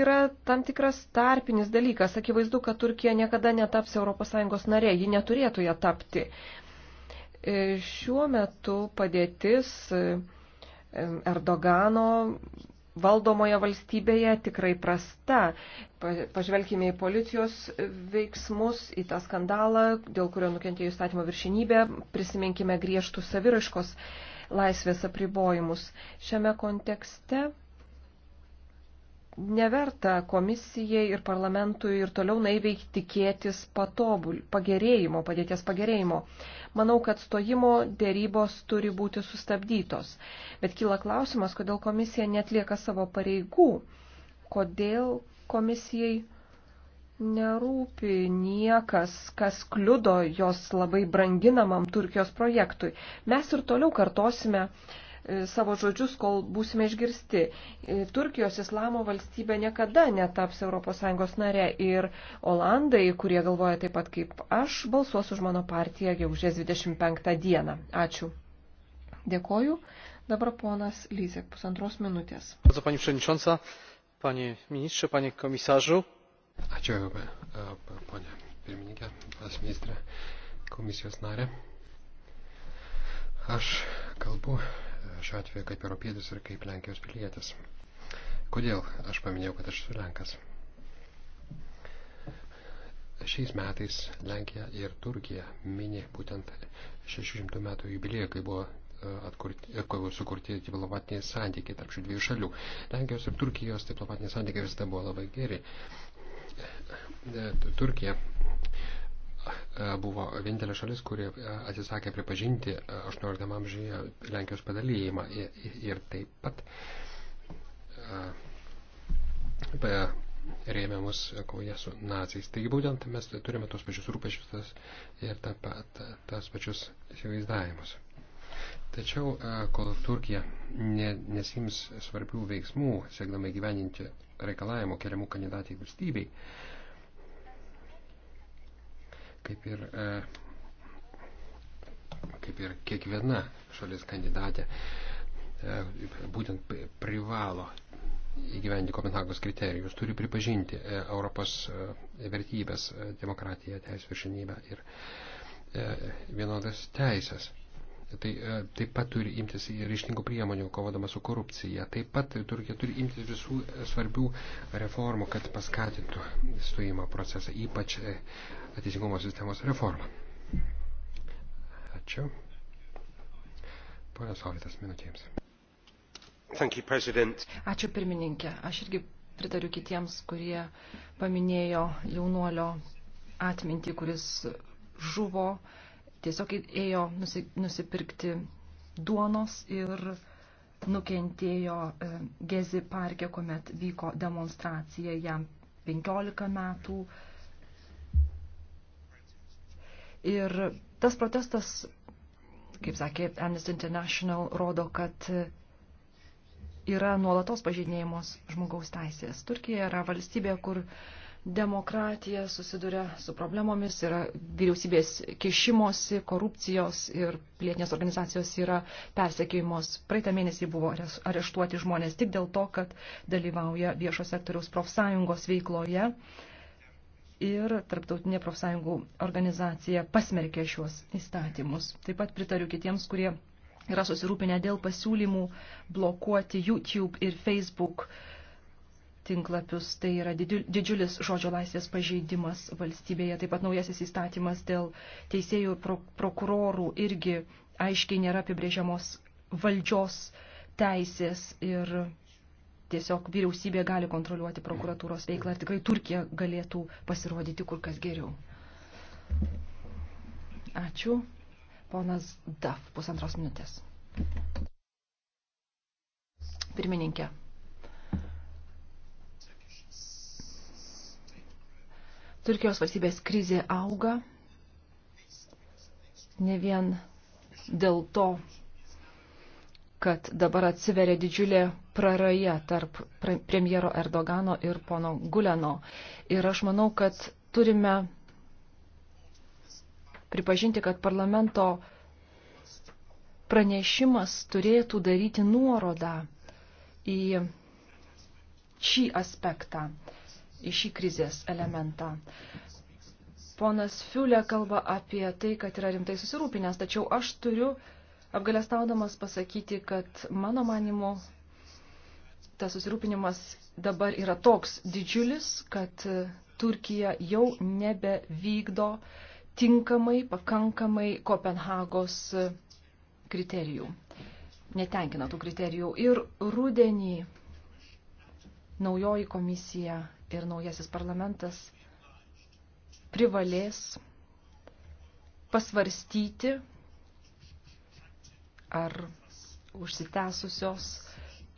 yra tam tikras tarpinis dalykas. Akivaizdu, kad Turkija niekada netaps ES narė, ji neturėtų ją tapti. E, šiuo metu padėtis e, Erdogano valdomoje valstybėje tikrai prasta. Pažvelkime į policijos veiksmus, į tą skandalą, dėl kurio nukentėjo įstatymo viršinybė, prisiminkime griežtų saviraškos laisvės apribojimus. Šiame kontekste neverta komisijai ir parlamentui ir toliau naiviai tikėtis patobul, pagerėjimo, padėties pagerėjimo. Manau, kad stojimo dėrybos turi būti sustabdytos. Bet kyla klausimas, kodėl komisija netlieka savo pareigų, kodėl komisijai nerūpi niekas, kas kliudo jos labai branginamam Turkijos projektui. Mes ir toliau kartosime, uh, E, savo žodžius, kol būsime išgirsti. E, Turkijos islamo valstybė niekada netaps ES nare ir Olandai, kurie galvoja taip pat kaip aš, balsuos už mano partiją gegužės 25 dieną. Ačiū. Dėkoju. Dabar ponas Lyzek, pusantros minutės. Pani Przewodnicząca, Panie Ministrze, Panie Komisarzu. Ačiū, e, ponė pirmininkė, pas ministrė, komisijos narė. Aš kalbu šiuo atveju kaip europietis ir kaip Lenkijos pilietis. Kodėl aš paminėjau, kad aš esu Lenkas? Šiais metais Lenkija ir Turkija mini būtent 600 metų jubiliejų, kai buvo e, atkurti, e, sukurti diplomatiniai santykiai tarp šių dviejų šalių. Lenkijos ir Turkijos diplomatiniai santykiai visada buvo labai geri. E, Turkija E, buvo vienintelė šalis, kuri e, atsisakė pripažinti 18 amžiuje Lenkijos padalyjimą ir taip pat e, rėmė mus kovoje su naciais. Taigi būtent mes turime tos pačius rūpešius ir ta, ta, tas pačius įsivaizdavimus. Tačiau, kol Turkija ne, nesims svarbių veiksmų, siekdama gyveninti reikalavimų keliamų kandidatai valstybei, kaip ir, e, kaip ir kiekviena šalis kandidatė e, būtent privalo įgyvendinti Kopenhagos kriterijus, turi pripažinti e, Europos vertybės, demokratiją, teisų viršinybę ir vienodas teisės. Tai taip pat turi imtis ryštingų priemonių, kovodama su korupcija. Taip pat Turkija turi imtis visų svarbių reformų, kad paskatintų stojimo procesą, ypač teisingumo sistemos reformą. Ačiū. Pone Solitas, minutėms. Ačiū pirmininkė. Aš irgi pritariu kitiems, kurie paminėjo jaunuolio atmintį, kuris žuvo, tiesiog ėjo nusipirkti duonos ir nukentėjo e, Gezi parke, kuomet vyko demonstracija jam 15 metų Ir tas protestas, kaip sakė Amnesty International, rodo, kad yra nuolatos pažeidinėjimos žmogaus teisės. Turkija yra valstybė, kur demokratija susiduria su problemomis, yra vyriausybės kišimosi, korupcijos ir pilietinės organizacijos yra persekėjimos. Praeitą mėnesį buvo areštuoti žmonės tik dėl to, kad dalyvauja viešo sektoriaus profsąjungos veikloje ir Tarptautinė profsąjungų organizacija pasmerkė šiuos įstatymus. Taip pat pritariu kitiems, kurie yra susirūpinę dėl pasiūlymų blokuoti YouTube ir Facebook tinklapius. Tai yra didžiulis žodžio laisvės pažeidimas valstybėje. Taip pat naujasis įstatymas dėl teisėjų pro prokurorų irgi aiškiai nėra apibrėžiamos valdžios teisės ir tiesiog vyriausybė gali kontroliuoti prokuratūros veiklą ir tikrai Turkija galėtų pasirodyti kur kas geriau. Ačiū. Ponas Daf, pusantros minutės. Pirmininkė. Turkijos valstybės krizė auga ne vien dėl to, kad dabar atsiveria didžiulė praraja tarp premjero Erdogano ir pono Guleno. Ir aš manau, kad turime pripažinti, kad parlamento pranešimas turėtų daryti nuorodą į šį aspektą, į šį krizės elementą. Ponas Fiulė kalba apie tai, kad yra rimtai susirūpinęs, tačiau aš turiu uh, apgalestaudamas pasakyti, kad mano manimu tas susirūpinimas dabar yra toks didžiulis, kad Turkija jau nebevykdo tinkamai, pakankamai Kopenhagos kriterijų. Netenkina tų kriterijų. Ir rudenį naujoji komisija ir naujasis parlamentas privalės pasvarstyti ar užsitęsusios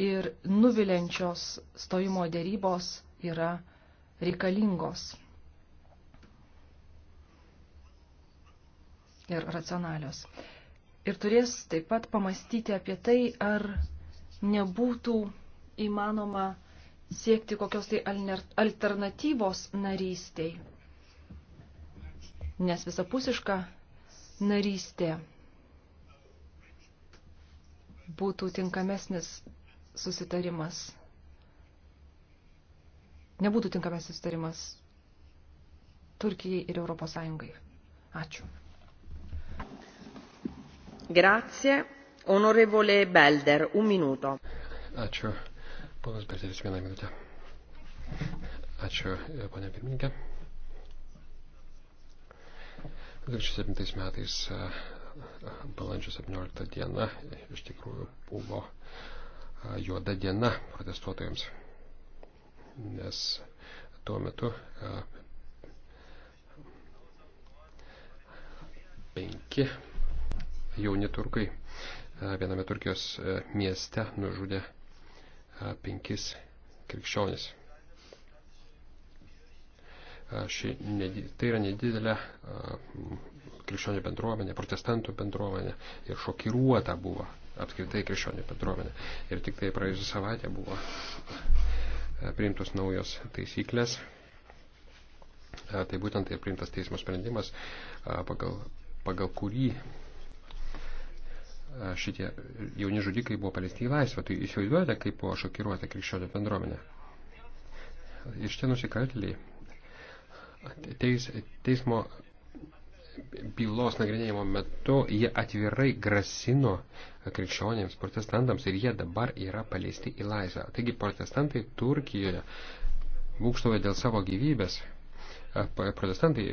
ir nuvilenčios stojimo dėrybos yra reikalingos ir racionalios. Ir turės taip pat pamastyti apie tai, ar nebūtų įmanoma siekti kokios tai alternatyvos narystiai. Nes visapusiška narystė būtų tinkamesnis susitarimas. Nebūtų tinkamesnis susitarimas Turkijai ir Europos Sąjungai. Ačiū. Grazie. Onorevole Belder, un minuto. Ačiū. Ponas Belderis, vieną minutę. Ačiū, ponė pirmininkė. 2007 metais balandžio 17 diena iš tikrųjų buvo juoda diena protestuotojams, nes tuo metu penki jauni turkai viename Turkijos mieste nužudė penkis krikščionis. Ši, tai yra nedidelė krikščionė bendruomenė, protestantų bendruomenė ir šokiruota buvo apskritai krikščionė bendruomenė. Ir tik tai praėjusią savaitę buvo priimtos naujos taisyklės. Tai būtent tai priimtas teismo sprendimas, pagal, pagal kurį šitie jauni žudikai buvo paleisti į laisvę. Tai įsivaizduojate, kaip buvo šokiruota krikščionė bendruomenė. Iš tie nusikaltėliai teis, teismo bylos nagrinėjimo metu jie atvirai grasino krikščionėms, protestantams ir jie dabar yra paleisti į laisvę. Taigi protestantai Turkijoje būkštovė dėl savo gyvybės. Protestantai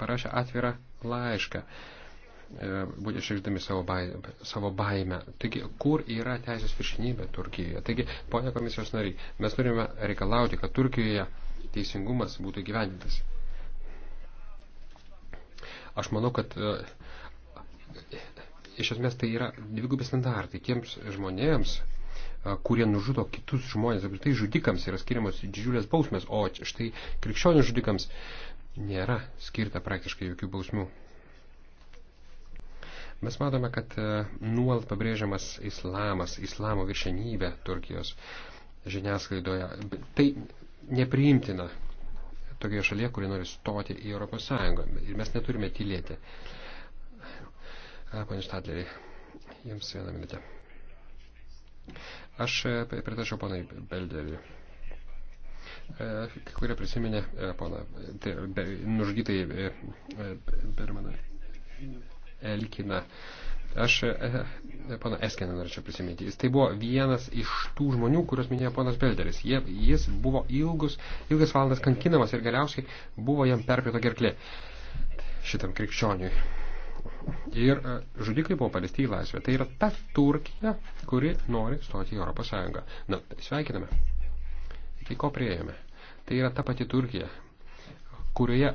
parašė atvirą laišką, e, būtent išreikšdami savo, baimę, savo baimę. Taigi, kur yra teisės viršinybė Turkijoje? Taigi, ponia komisijos nariai, mes turime reikalauti, kad Turkijoje teisingumas būtų gyvendintas. Aš manau, kad e, iš esmės tai yra dvigubi standartai tiems žmonėms, e, kurie nužudo kitus žmonės. Apskritai žudikams yra skiriamos didžiulės bausmės, o štai krikščionių žudikams nėra skirta praktiškai jokių bausmių. Mes matome, kad e, nuolat pabrėžiamas islamas, islamo viršenybė Turkijos žiniasklaidoje. Tai nepriimtina tokioje šalyje, kuri nori stoti į Europos Sąjungą. Ir mes neturime tylėti. Pane Štatlerį, jums vieną minutę. Aš pritašiau ponai Belderiui. E, kai kurie prisiminė e, poną tai, nužudytai e, Bermaną Elkiną. Aš e, e, pana Eskeną norėčiau prisiminti. Jis tai buvo vienas iš tų žmonių, kuriuos minėjo ponas Belderis. Jie, jis buvo ilgus, ilgas valandas kankinamas ir galiausiai buvo jam perpėto gerklė šitam krikščioniui. Ir e, žudikai buvo palesti į laisvę. Tai yra ta Turkija, kuri nori stoti į Europos Sąjungą. Na, sveikiname. Iki tai ko prieėjome. Tai yra ta pati Turkija, kurioje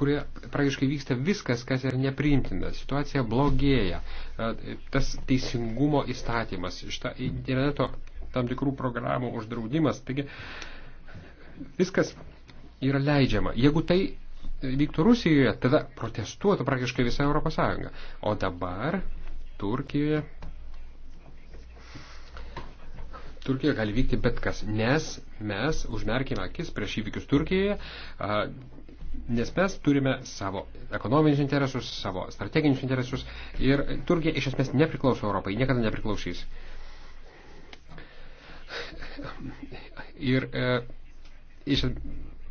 kurie praktiškai vyksta viskas, kas yra nepriimtina. Situacija blogėja. E, tas teisingumo įstatymas, šita interneto tam tikrų programų uždraudimas. Taigi viskas yra leidžiama. Jeigu tai vyktų Rusijoje, tada protestuotų praktiškai visa Europos Sąjunga. O dabar Turkijoje. Turkijoje gali vykti bet kas, nes mes užmerkime akis prieš įvykius Turkijoje, Nes mes turime savo ekonominius interesus, savo strateginius interesus ir Turkija iš esmės nepriklauso Europai, niekada nepriklausys. Ir e, iš,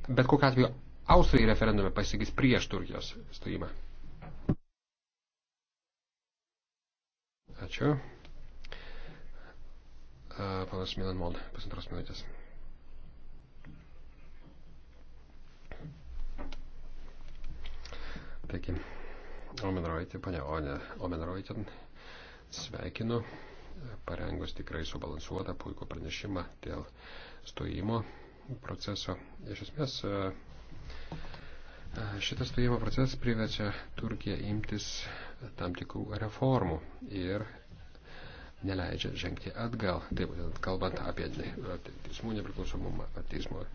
bet kokiu atveju Austrai referendume pasakys prieš Turkijos stojimą. Ačiū. E, Panas Milan Mod, pusantros minutės. Taigi, Omenroitin, ponia Omenroitin, sveikinu parengus tikrai subalansuotą puikų pranešimą dėl stojimo proceso. Iš esmės, e, e, šitas stojimo procesas priverčia Turkiją imtis tam tikrų reformų ir neleidžia žengti atgal, taip būtent kalbant apie teismų nepriklausomumą, teismų,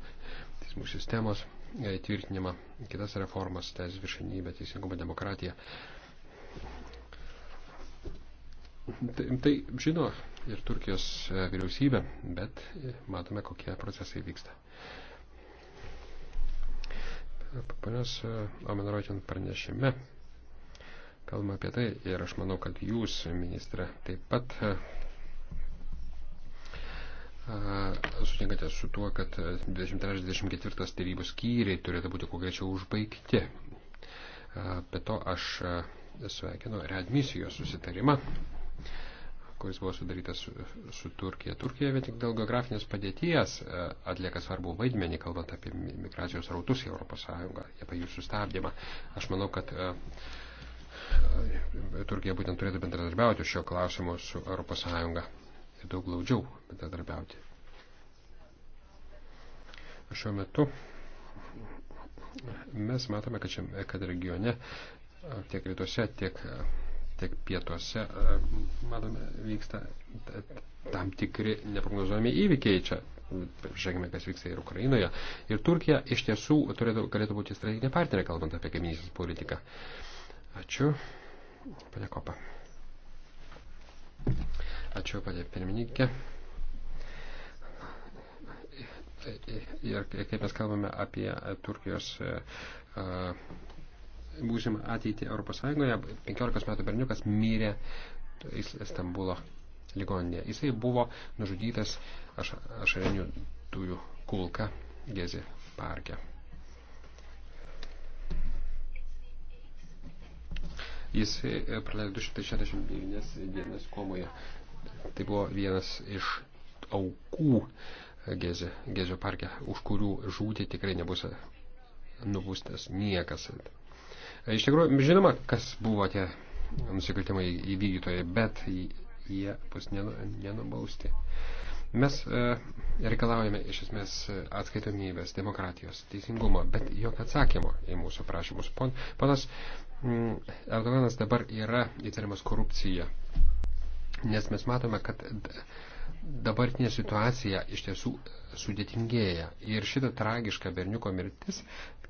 teismų sistemos įtvirtinimą, e, kitas reformas, teisės viršinybė, teisingumo demokratija. Tai, tai žino ir Turkijos e, vyriausybė, bet e, matome, kokie procesai vyksta. Panios Omenroitin pranešime kalbama apie tai ir aš manau, kad jūs, ministra, taip pat sutinkate su tuo, kad 23-24 tarybos skyriai turėtų būti kuo greičiau užbaigti. Be to aš sveikinu readmisijos susitarimą, kuris buvo sudarytas su, su Turkija. Turkija vien tik dėl geografinės padėties atlieka svarbų vaidmenį, kalbant apie migracijos rautus į Europos Sąjungą, apie jų sustabdymą. Aš manau, kad Turkija būtent turėtų bendradarbiauti šio klausimu su Europos Sąjunga daug glaudžiau bendradarbiauti. Šiuo metu mes matome, kad, šiame, kad regione tiek rytuose, tiek, tiek pietuose, matome, vyksta tam tikri neprognozuojami įvykiai čia. Žiūrėkime, kas vyksta ir Ukrainoje. Ir Turkija iš tiesų turėtų, galėtų būti strateginė partnerė, kalbant apie kaiminysės politiką. Ačiū. Pane Kopa. Ačiū, padė pirmininkė. Ir kaip mes kalbame apie Turkijos e, būsimą ateitį Europos Sąjungoje, 15 metų berniukas mirė Stambulo ligoninėje. Jisai buvo nužudytas aš, ašarinių dujų kulka Gezi parke. Jis e, praleido 269 dienas komoje. Tai buvo vienas iš aukų Gezio, Gezio parke, už kurių žūti tikrai nebus nubūstas niekas. Iš tikrųjų, žinoma, kas buvo tie nusikaltimai įvykdytojai, bet jie bus nenubausti. Mes e, reikalaujame iš esmės atskaitomybės, demokratijos, teisingumo, bet jokio atsakymo į mūsų prašymus. Pon, panas mm, Erdoganas dabar yra įtariamas korupcija nes mes matome, kad dabartinė situacija iš tiesų sudėtingėja ir šita tragiška berniuko mirtis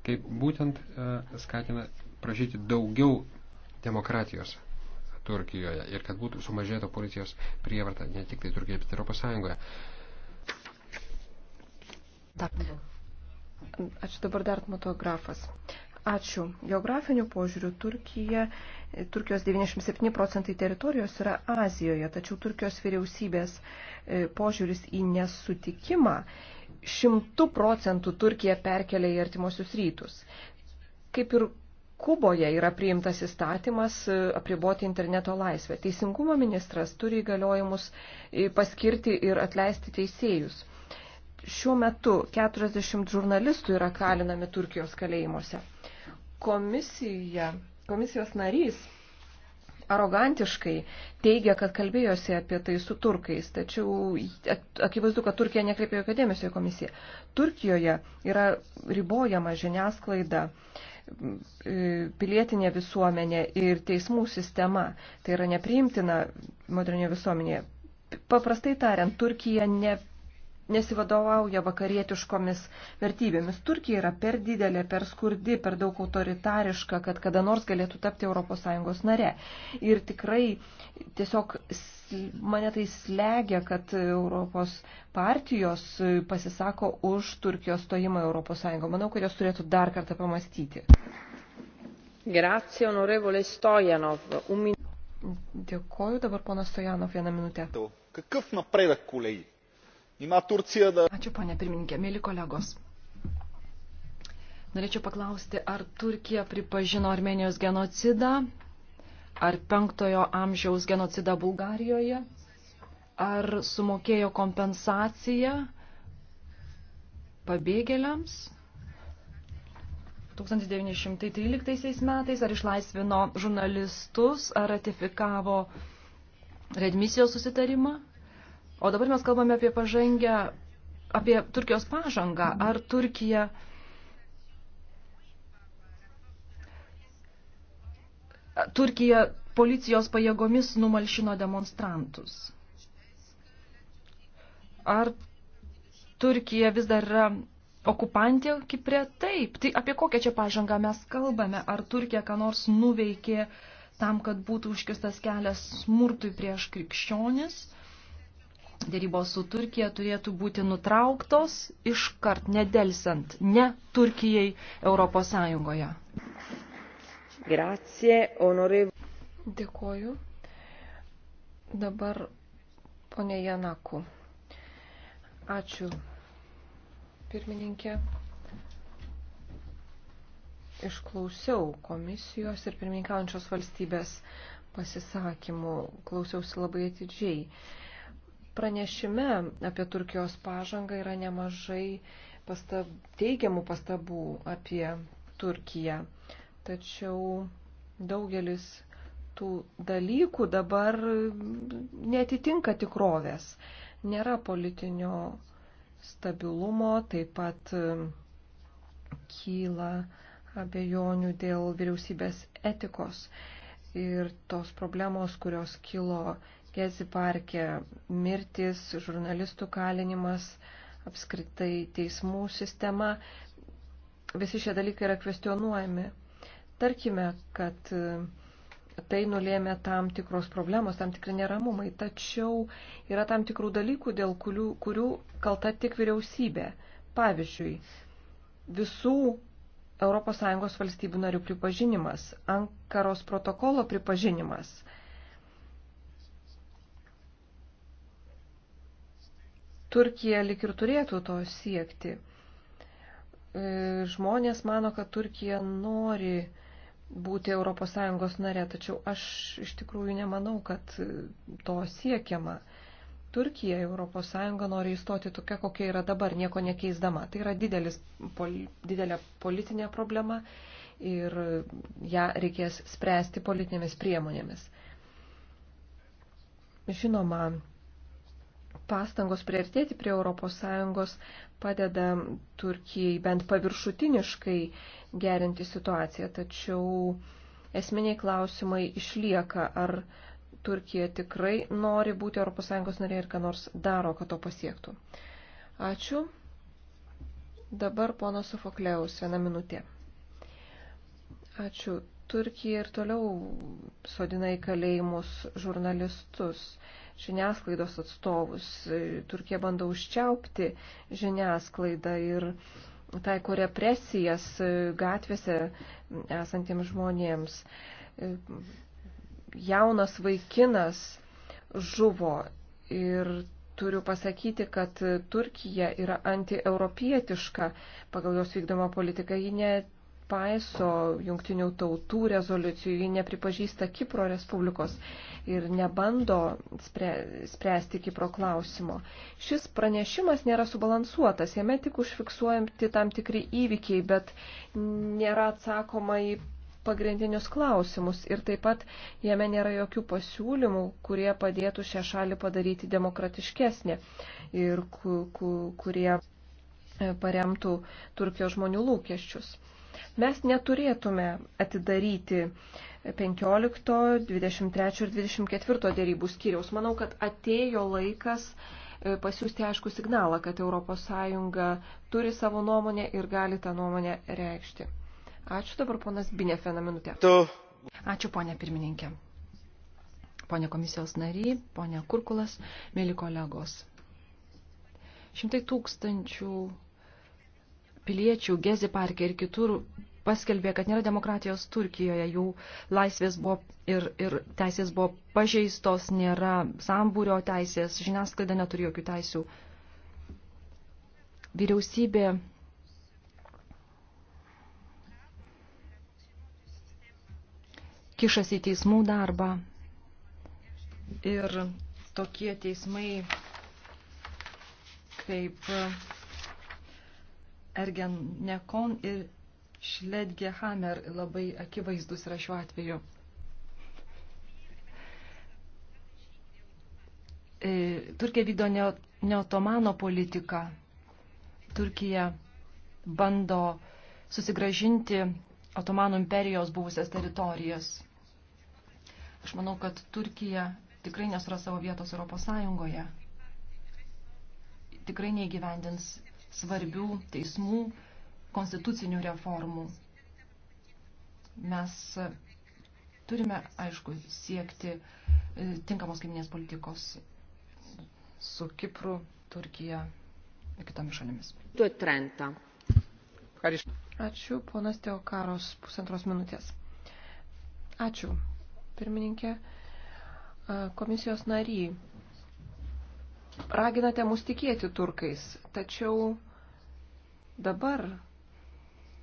kaip būtent e, skatina prašyti daugiau demokratijos Turkijoje ir kad būtų sumažėta policijos prievarta ne tik tai Turkijoje, bet ir Europos Sąjungoje. Taip. Ačiū dabar dar matografas. Ačiū. Geografiniu požiūriu Turkija, Turkijos 97 procentai teritorijos yra Azijoje, tačiau Turkijos vyriausybės e, požiūris į nesutikimą šimtų procentų Turkija perkelia į artimuosius rytus. Kaip ir Kuboje yra priimtas įstatymas e, apriboti interneto laisvę. Teisingumo ministras turi įgaliojimus e, paskirti ir atleisti teisėjus. Šiuo metu 40 žurnalistų yra kalinami Turkijos kalėjimuose komisija, komisijos narys arogantiškai teigia, kad kalbėjosi apie tai su turkais, tačiau akivaizdu, kad Turkija nekreipė jokio dėmesio į komisiją. Turkijoje yra ribojama žiniasklaida, pilietinė visuomenė ir teismų sistema. Tai yra nepriimtina modernio visuomenėje. Paprastai tariant, Turkija ne nesivadovauja vakarietiškomis vertybėmis. Turkija yra per didelė, per skurdi, per daug autoritariška, kad kada nors galėtų tapti ES nare. Ir tikrai tiesiog mane tai slegia, kad Europos partijos pasisako už Turkijos stojimą ES. Manau, kad jos turėtų dar kartą pamastyti. Grazie, onorevole Stojanov. Un min... Dėkoju dabar, ponas Stojanov, vieną minutę. Какъв напредък, колеги? Nima Turcija dar. Ačiū, ponė pirmininkė, mėly kolegos. Norėčiau paklausti, ar Turkija pripažino Armenijos genocidą, ar penktojo amžiaus genocidą Bulgarijoje, ar sumokėjo kompensaciją pabėgėliams 1913 metais, ar išlaisvino žurnalistus, ar ratifikavo redmisijos susitarimą. O dabar mes kalbame apie pažangę, apie Turkijos pažangą. Ar Turkija Turkija policijos pajėgomis numalšino demonstrantus. Ar Turkija vis dar yra okupantė Kiprė? Taip. Tai apie kokią čia pažangą mes kalbame? Ar Turkija ką nors nuveikė tam, kad būtų užkistas kelias smurtui prieš krikščionis? dėrybos su Turkija turėtų būti nutrauktos iškart, nedelsiant, ne Turkijai Europos Sąjungoje. Grazie, honorė. Dėkoju. Dabar ponė Janaku. Ačiū, pirmininkė. Išklausiau komisijos ir pirmininkaujančios valstybės pasisakymų, klausiausi labai atidžiai. Pranešime apie Turkijos pažangą yra nemažai pastab, teigiamų pastabų apie Turkiją. Tačiau daugelis tų dalykų dabar netitinka tikrovės. Nėra politinio stabilumo, taip pat um, kyla abejonių dėl vyriausybės etikos ir tos problemos, kurios kilo Gezi parke, mirtis, žurnalistų kalinimas, apskritai teismų sistema, visi šie dalykai yra kvestionuojami. Tarkime, kad e, tai nulėmė tam tikros problemos, tam tikri neramumai, tačiau yra tam tikrų dalykų, dėl kurių, kurių kalta tik vyriausybė. Pavyzdžiui, visų ES valstybių narių pripažinimas, Ankaros protokolo pripažinimas. Turkija lik ir turėtų to siekti. E, žmonės mano, kad Turkija nori būti ES nare, tačiau aš iš tikrųjų nemanau, kad to siekiama. Turkija Europos Sąjunga nori įstoti tokia, kokia yra dabar, nieko nekeisdama. Tai yra didelis, pol, didelė politinė problema ir ją reikės spręsti politinėmis priemonėmis. Žinoma, pastangos priartėti prie ES padeda Turkijai bent paviršutiniškai gerinti situaciją, tačiau esminiai klausimai išlieka, ar Turkija tikrai nori būti ES narė ir ką nors daro, kad to pasiektų. Ačiū. Dabar pono Sofokleus, viena minutė. Ačiū. Turkija ir toliau sodina į kalėjimus žurnalistus, žiniasklaidos atstovus. Turkija bando užčiaupti žiniasklaidą ir taiko represijas gatvėse esantiems žmonėms jaunas vaikinas žuvo ir turiu pasakyti, kad Turkija yra antieuropietiška. Pagal jos vykdomą politiką ji nepaiso jungtinių tautų rezoliucijų, ji nepripažįsta Kipro Respublikos ir nebando spre, spręsti Kipro klausimo. Šis pranešimas nėra subalansuotas, jame tik užfiksuojami tam tikri įvykiai, bet nėra atsakoma į pagrindinius klausimus ir taip pat jame nėra jokių pasiūlymų, kurie padėtų šią šalį padaryti demokratiškesnė ir ku, ku, kurie e, paremtų Turkijos žmonių lūkesčius. Mes neturėtume atidaryti 15, 23 ir 24 dėrybų skyriaus. Manau, kad atėjo laikas e, pasiūsti aišku signalą, kad ES turi savo nuomonę ir gali tą nuomonę reikšti. Ačiū dabar ponas Binefe na minutę. Tu. Ačiū ponė pirmininkė. Pone komisijos nariai, ponė Kurkulas, mėly kolegos. Šimtai tūkstančių piliečių Gezi parke ir kitur paskelbė, kad nėra demokratijos Turkijoje, jų laisvės buvo ir, ir teisės buvo pažeistos, nėra sambūrio teisės, žiniasklaida neturi jokių teisių. Vyriausybė kišasi į teismų darbą ir tokie teismai kaip Ergen Nekon ir Šledge Hammer labai akivaizdus yra šiuo atveju. E, Turkija vykdo neotomano politiką. Turkija bando susigražinti Otomanų imperijos buvusias teritorijas. Aš manau, kad Turkija tikrai nesuras savo vietos Europos Sąjungoje. Tikrai neįgyvendins svarbių teismų, konstitucinių reformų. Mes e, turime, aišku, siekti e, tinkamos kaiminės politikos su Kipru, Turkija ir kitomis šalimis. 230. Ευχαριστώ. Ačiū, ponas Teokaros, pusantros minutės. Ačiū, pirmininkė. Komisijos nary, raginate mus tikėti turkais, tačiau dabar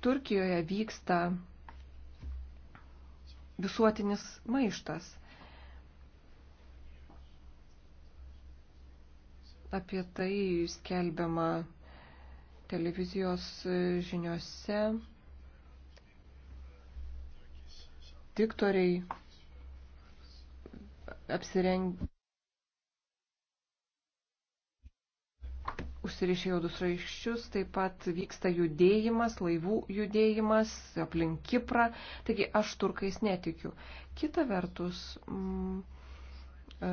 Turkijoje vyksta visuotinis maištas. Apie tai skelbiama televizijos e, žiniuose diktoriai apsirengė. Užsirišė jaudus raiščius, taip pat vyksta judėjimas, laivų judėjimas aplink Kiprą, taigi aš turkais netikiu. Kita vertus, mm, E,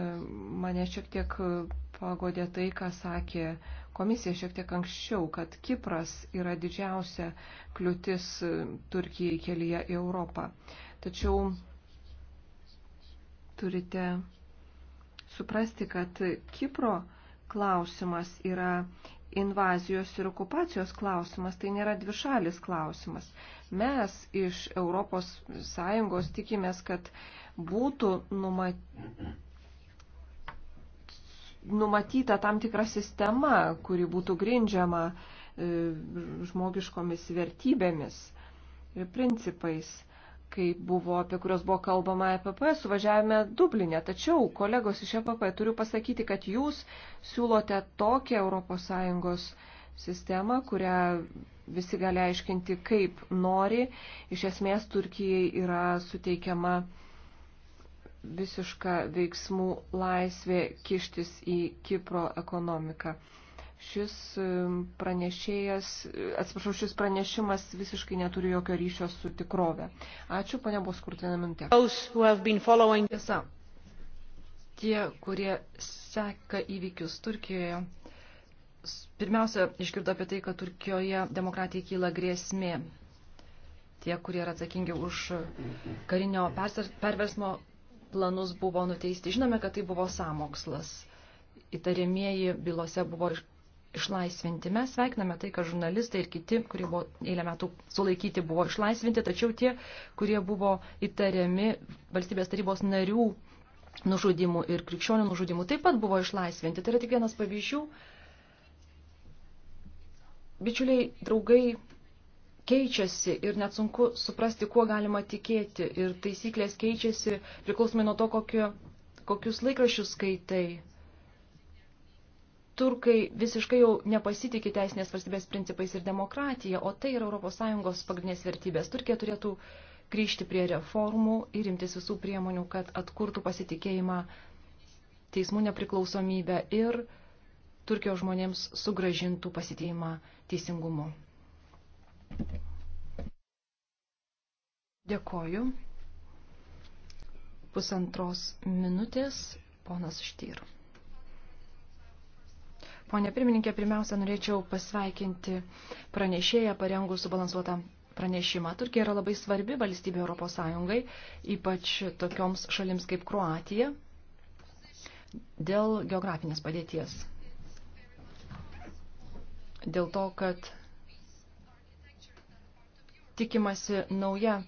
mane šiek tiek pagodė tai, ką sakė komisija šiek tiek anksčiau, kad Kipras yra didžiausia kliūtis e, Turkijai kelyje į Europą. Tačiau turite suprasti, kad Kipro klausimas yra invazijos ir okupacijos klausimas, tai nėra dvišalis klausimas. Mes iš ES tikimės, kad būtų numatyti numatyta tam tikra sistema, kuri būtų grindžiama e, žmogiškomis vertybėmis ir e, principais, kaip buvo, apie kurios buvo kalbama EPP, suvažiavime Dublinė. Tačiau, kolegos iš EPP, turiu pasakyti, kad jūs siūlote tokią ES sistemą, kurią visi gali aiškinti kaip nori. Iš esmės Turkijai yra suteikiama visiška veiksmų laisvė kištis į Kipro ekonomiką. Šis um, pranešėjas, atsiprašau, šis pranešimas visiškai neturi jokio ryšio su tikrove. Ačiū, ponia Boskurtina Mintė. Tiesa, tie, kurie seka įvykius Turkijoje, pirmiausia, išgirdo apie tai, kad Turkijoje demokratijai kyla grėsmė tie, kurie yra atsakingi už karinio perversmo planus buvo nuteisti. Žinome, kad tai buvo samokslas. Įtariamieji bylose buvo išlaisvinti. Mes sveikiname tai, kad žurnalistai ir kiti, kurie buvo eilę metų sulaikyti, buvo išlaisvinti, tačiau tie, kurie buvo įtariami valstybės tarybos narių nužudimų ir krikščionių nužudimų, taip pat buvo išlaisvinti. Tai yra tik vienas pavyzdžių. Bičiuliai, draugai, keičiasi ir net sunku suprasti, kuo galima tikėti. Ir taisyklės keičiasi priklausomai nuo to, kokio, kokius laikrašius skaitai. Turkai visiškai jau nepasitikė teisinės valstybės principais ir demokratija, o tai yra ES pagrindinės vertybės. Turkija turėtų grįžti prie reformų ir imtis visų priemonių, kad atkurtų pasitikėjimą teismų nepriklausomybę ir Turkijos žmonėms sugražintų pasitikėjimą teisingumu. Dėkoju. Pusantros minutės, ponas Štyr. Pone pirmininkė, pirmiausia, norėčiau pasveikinti pranešėją parengus subalansuotą pranešimą. Turkija yra labai svarbi valstybė Europos Sąjungai, ypač tokioms šalims kaip Kroatija, dėl geografinės padėties. Dėl to, kad tikimasi nauja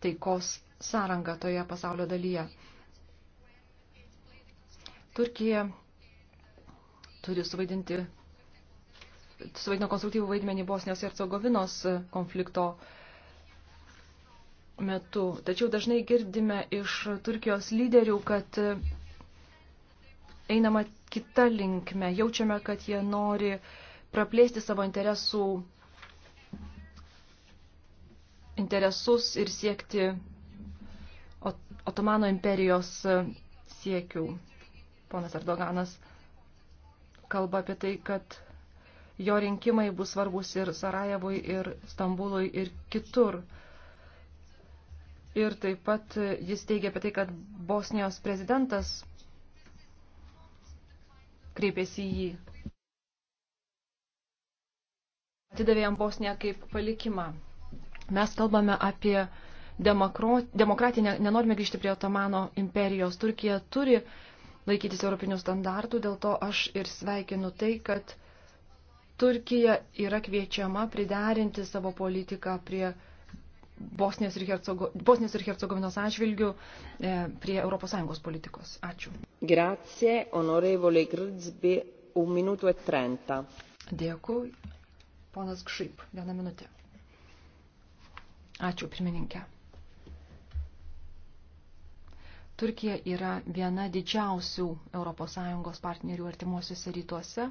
taikos sąrangą toje pasaulio dalyje. Turkija turi suvaidinti, suvaidino konstruktyvų vaidmenį Bosnijos ir Hercegovinos konflikto metu. Tačiau dažnai girdime iš Turkijos lyderių, kad einama kita linkme. Jaučiame, kad jie nori praplėsti savo interesų interesus ir siekti Otomano imperijos e, siekių. Ponas Erdoganas kalba apie tai, kad jo rinkimai bus svarbus ir Sarajevui, ir Stambului, ir kitur. Ir taip pat e, jis teigia apie tai, kad Bosnijos prezidentas kreipėsi į jį. Atidavė jam Bosniją kaip palikimą. Mes kalbame apie demokratinę, nenorime grįžti prie Otomano imperijos. Turkija turi laikytis europinių standartų, dėl to aš ir sveikinu tai, kad Turkija yra kviečiama priderinti savo politiką prie Bosnijos ir, Hercogo, Bosnijos ir Hercegovinos atžvilgių e, prie ES politikos. Ačiū. Grazie, onorevole Grzbi, un minuto e trenta. Dėkui, ponas Gšyp, vieną minutę. Ačiū, pirmininkė. Turkija yra viena didžiausių ES partnerių artimuosiuose rytuose.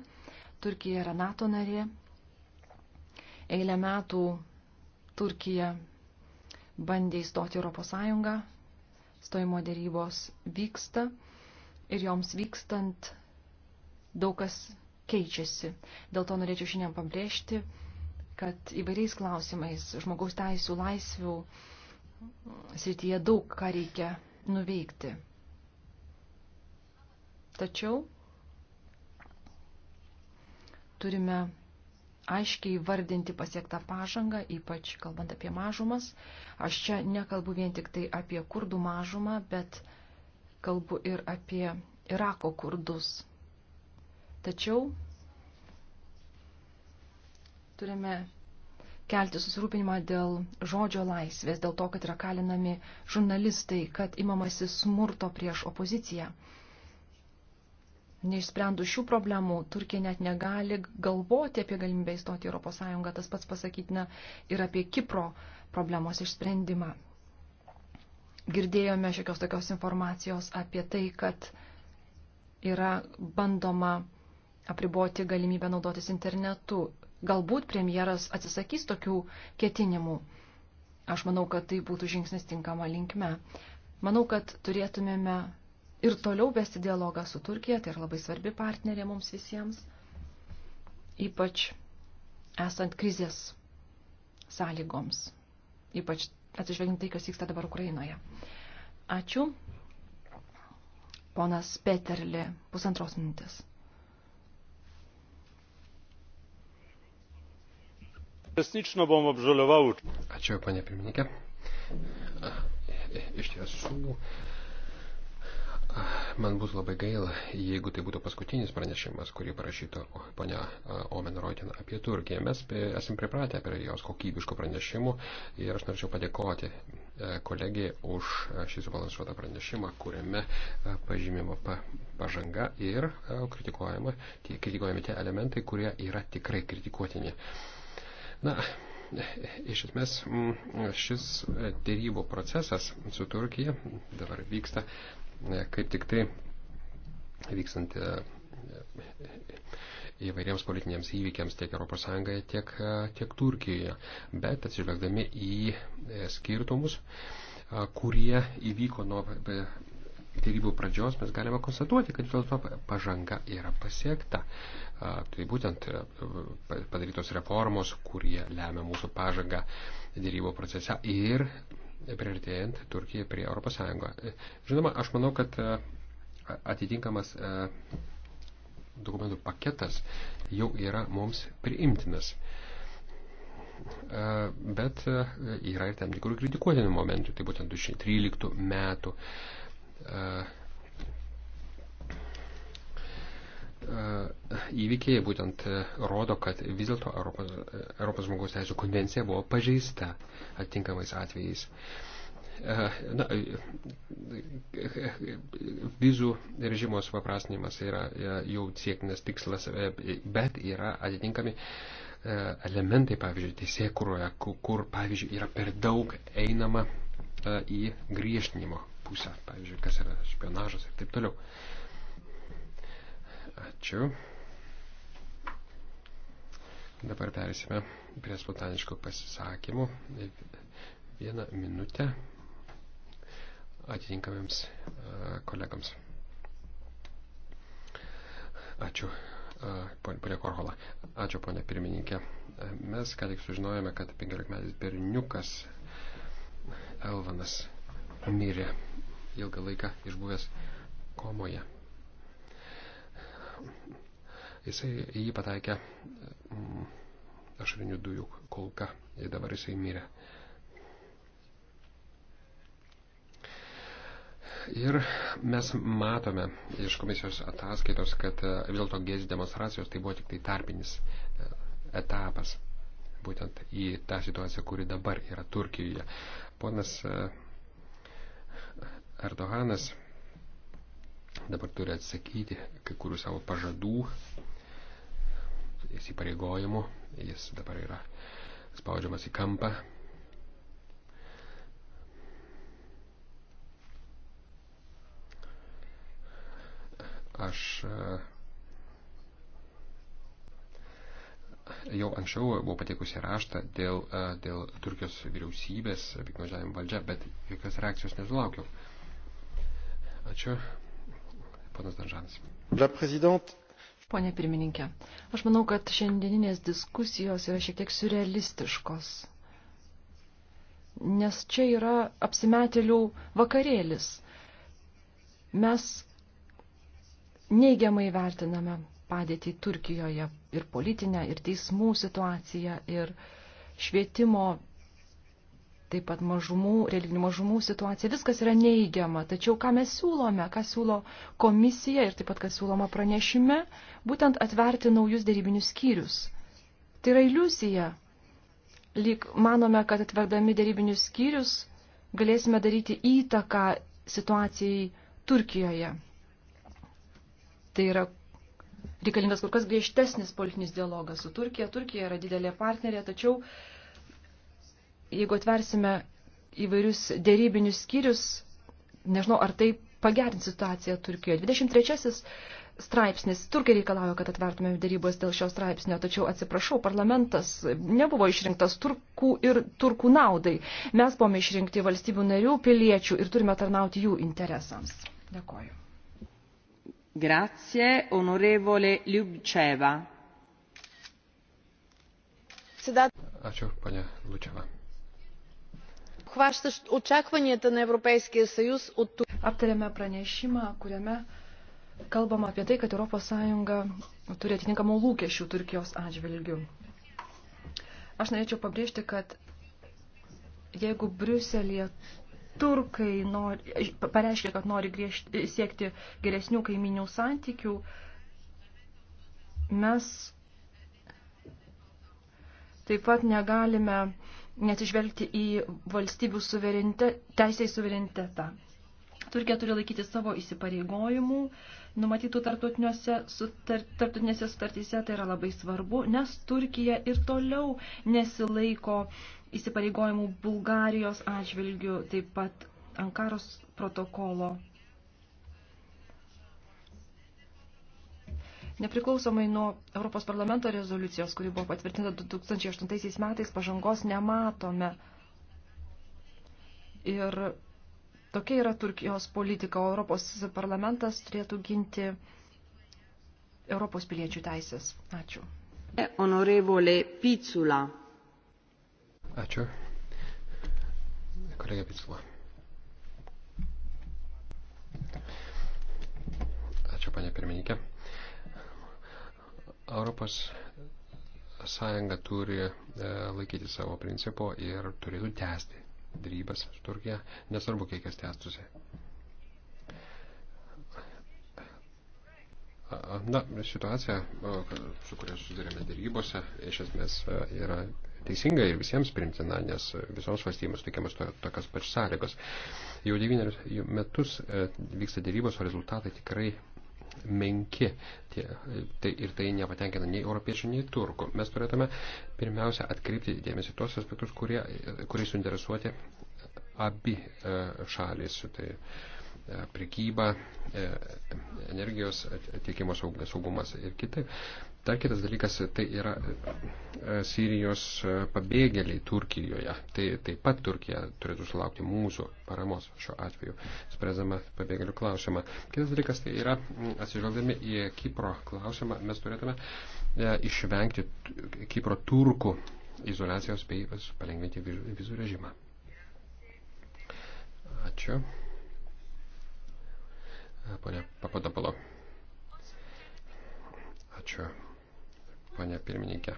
Turkija yra NATO narė. Eilę metų Turkija bandė įstoti ES. Stojimo dėrybos vyksta ir joms vykstant daug kas keičiasi. Dėl to norėčiau šiandien pabrėžti, kad įvairiais klausimais žmogaus teisų laisvių srityje daug ką reikia nuveikti. Tačiau turime aiškiai vardinti pasiektą pažangą, ypač kalbant apie mažumas. Aš čia nekalbu vien tik tai apie kurdų mažumą, bet kalbu ir apie Irako kurdus. Tačiau turime kelti susirūpinimą dėl žodžio laisvės, dėl to, kad yra kalinami žurnalistai, kad imamasi smurto prieš opoziciją. Neišsprendų šių problemų, Turkija net negali galvoti apie galimybę įstoti į Europos Sąjungą, tas pats pasakytina ir apie Kipro problemos išsprendimą. Girdėjome šiokios tokios informacijos apie tai, kad yra bandoma apriboti galimybę naudotis internetu galbūt premjeras atsisakys tokių ketinimų. Aš manau, kad tai būtų žingsnis tinkama linkme. Manau, kad turėtumėme ir toliau vesti dialogą su Turkija, tai yra labai svarbi partnerė mums visiems, ypač esant krizės sąlygoms, ypač atsižvelgiant tai, kas vyksta dabar Ukrainoje. Ačiū. Ponas Peterli, pusantros minutės. Resnično bom obžaloval. Ačiū, panė pirmininkė. Iš tiesų, man būtų labai gaila, jeigu tai būtų paskutinis pranešimas, kurį parašytų ponia Omen Roitin apie Turkiją. Mes esam pripratę prie jos kokybiškų pranešimų ir aš norėčiau padėkoti e, kolegijai už šį subalansuotą pranešimą, kuriame e, pažymima pažanga ir e, kritikuojama tie, kritikuojami tie elementai, kurie yra tikrai kritikuotini. Na, iš esmės mm, šis dėrybų procesas su Turkija dabar vyksta e, kaip tik tai vykstant e, e, įvairiems politiniams įvykiams tiek ES, tiek, tiek Turkijoje, bet atsižvelgdami į skirtumus, kurie įvyko nuo dėrybų pradžios mes galime konstatuoti, kad dėl to pažanga yra pasiekta. Tai būtent e, padarytos reformos, kurie lemia mūsų pažangą dėrybų procese ir prioritėjant Turkiją prie ES. E, žinoma, aš manau, kad e, atitinkamas dokumentų paketas jau yra mums priimtinas. Bet yra ir tam tikrų kritikuotinų momentų, tai būtent 2013 metų E, įvykiai būtent e, rodo, kad vis dėlto Europos, e, Europos žmogaus teisų konvencija buvo pažeista atitinkamais atvejais. Na, vizų režimo supaprastinimas yra jau siekinas tikslas, bet yra atitinkami elementai, pavyzdžiui, teisėkuroje, kur, pavyzdžiui, yra per daug einama į griežtinimo pusę, pavyzdžiui, kas yra špionažas ir taip toliau. Ačiū. Dabar perėsime prie spontaniškų pasisakymų. Vieną minutę atitinkamiems e, kolegams. Ačiū, e, ponė Korhola. Ačiū, ponė pirmininkė. E, mes ką tik sužinojome, kad 15 metais berniukas Elvanas mirė ilgą laiką išbuvęs komoje. Jisai jį pataikė mm, ašarinių dujų kolka ir dabar jisai mirė. Ir mes matome iš komisijos ataskaitos, kad e, vis dėlto gės demonstracijos tai buvo tik tai tarpinis e, etapas būtent į tą situaciją, kuri dabar yra Turkijoje. Ponas e, Erdoganas dabar turi atsakyti kai kurių savo pažadų, įsipareigojimų, jis dabar yra spaudžiamas į kampą. Aš e, jau anksčiau buvau patekusi raštą dėl, e, dėl Turkijos vyriausybės piknaudžiavimo valdžia, bet jokios reakcijos nesulaukiau. Ačiū. Panas Danžanas. Pone pirmininkė, aš manau, kad šiandieninės diskusijos yra šiek tiek surrealistiškos. Nes čia yra apsimetėlių vakarėlis. Mes neigiamai vertiname padėtį Turkijoje ir politinę, ir teismų situaciją, ir švietimo taip pat mažumų, religinių mažumų situacija, viskas yra neigiama. Tačiau ką mes siūlome, ką siūlo komisija ir taip pat, kas siūloma pranešime, būtent atverti naujus dėrybinius skyrius. Tai yra iliuzija. Lyg manome, kad atverdami dėrybinius skyrius galėsime daryti įtaką situacijai Turkijoje. Tai yra reikalingas kur kas griežtesnis politinis dialogas su Turkija. Turkija yra didelė partnerė, tačiau uh, jeigu atversime įvairius dėrybinius skyrius, nežinau, ar tai pagerins situaciją Turkijoje. 23 straipsnis. Turkai reikalauja, kad atvertumėm dėrybos dėl šio straipsnio, tačiau atsiprašau, parlamentas nebuvo išrinktas turkų ir turkų naudai. Mes buvome išrinkti valstybių narių, piliečių ir turime tarnauti jų interesams. Dėkoju. Grazie, onorevole Liubčeva. Ačiū, ponia Lučeva обхващащ очакванията на Европейския съюз от... Aptarėme pranešimą, kuriame kalbama apie tai, kad ES turi atitinkamų lūkesčių Turkijos atžvilgių. Aš norėčiau pabrėžti, kad jeigu Briuselėje turkai nori, pareiškia, kad nori griežti, siekti geresnių kaiminių santykių, mes taip pat negalime nesižvelgti į valstybių teisę į suverenitetą. Turkija turi laikyti savo įsipareigojimų, numatytų tarptautinėse sutartyse, tai yra labai svarbu, nes Turkija ir toliau nesilaiko įsipareigojimų Bulgarijos atžvilgių, taip pat Ankaros protokolo Nepriklausomai nuo Europos parlamento rezoliucijos, kuri buvo patvirtinta 2008 metais, pažangos nematome. Ir tokia yra Turkijos politika, o Europos parlamentas turėtų ginti Europos piliečių teisės. Ačiū. Honorevole Picula. Ačiū. Kolega Picula. Ačiū, panė pirmininkė. Europos Sąjunga turi e, laikyti savo principo ir turėtų tęsti dėrybas su Turkija, nesvarbu kiek jas tęstusi. Na, situacija, su kuria susidurėme dėrybose, iš esmės e, yra teisinga ir visiems primtina, nes visoms valstybėms teikiamas to, tokios pačios sąlygos. Jau devynerius metus e, vyksta dėrybos, o rezultatai tikrai menki. Tie, tai, ir tai nepatenkina nei europiečių, nei turkų. Mes turėtume pirmiausia atkreipti dėmesį tos aspektus, kurie, kurie suinteresuoti abi e, šalis. Tai e, prekyba, e, energijos tiekimo saugumas ir kitaip. Dar kitas dalykas, tai yra e, Sirijos e, pabėgėliai Turkijoje. Tai taip pat Turkija turėtų sulaukti mūsų paramos šiuo atveju, spręsdama pabėgėlių klausimą. Kitas dalykas, tai yra, atsižvelgdami į Kipro klausimą, mes turėtume e, išvengti Kipro turkų izolacijos bei palengvinti vizų režimą. Ačiū. Pone Papadopolo. Ačiū ponė pirmininkė.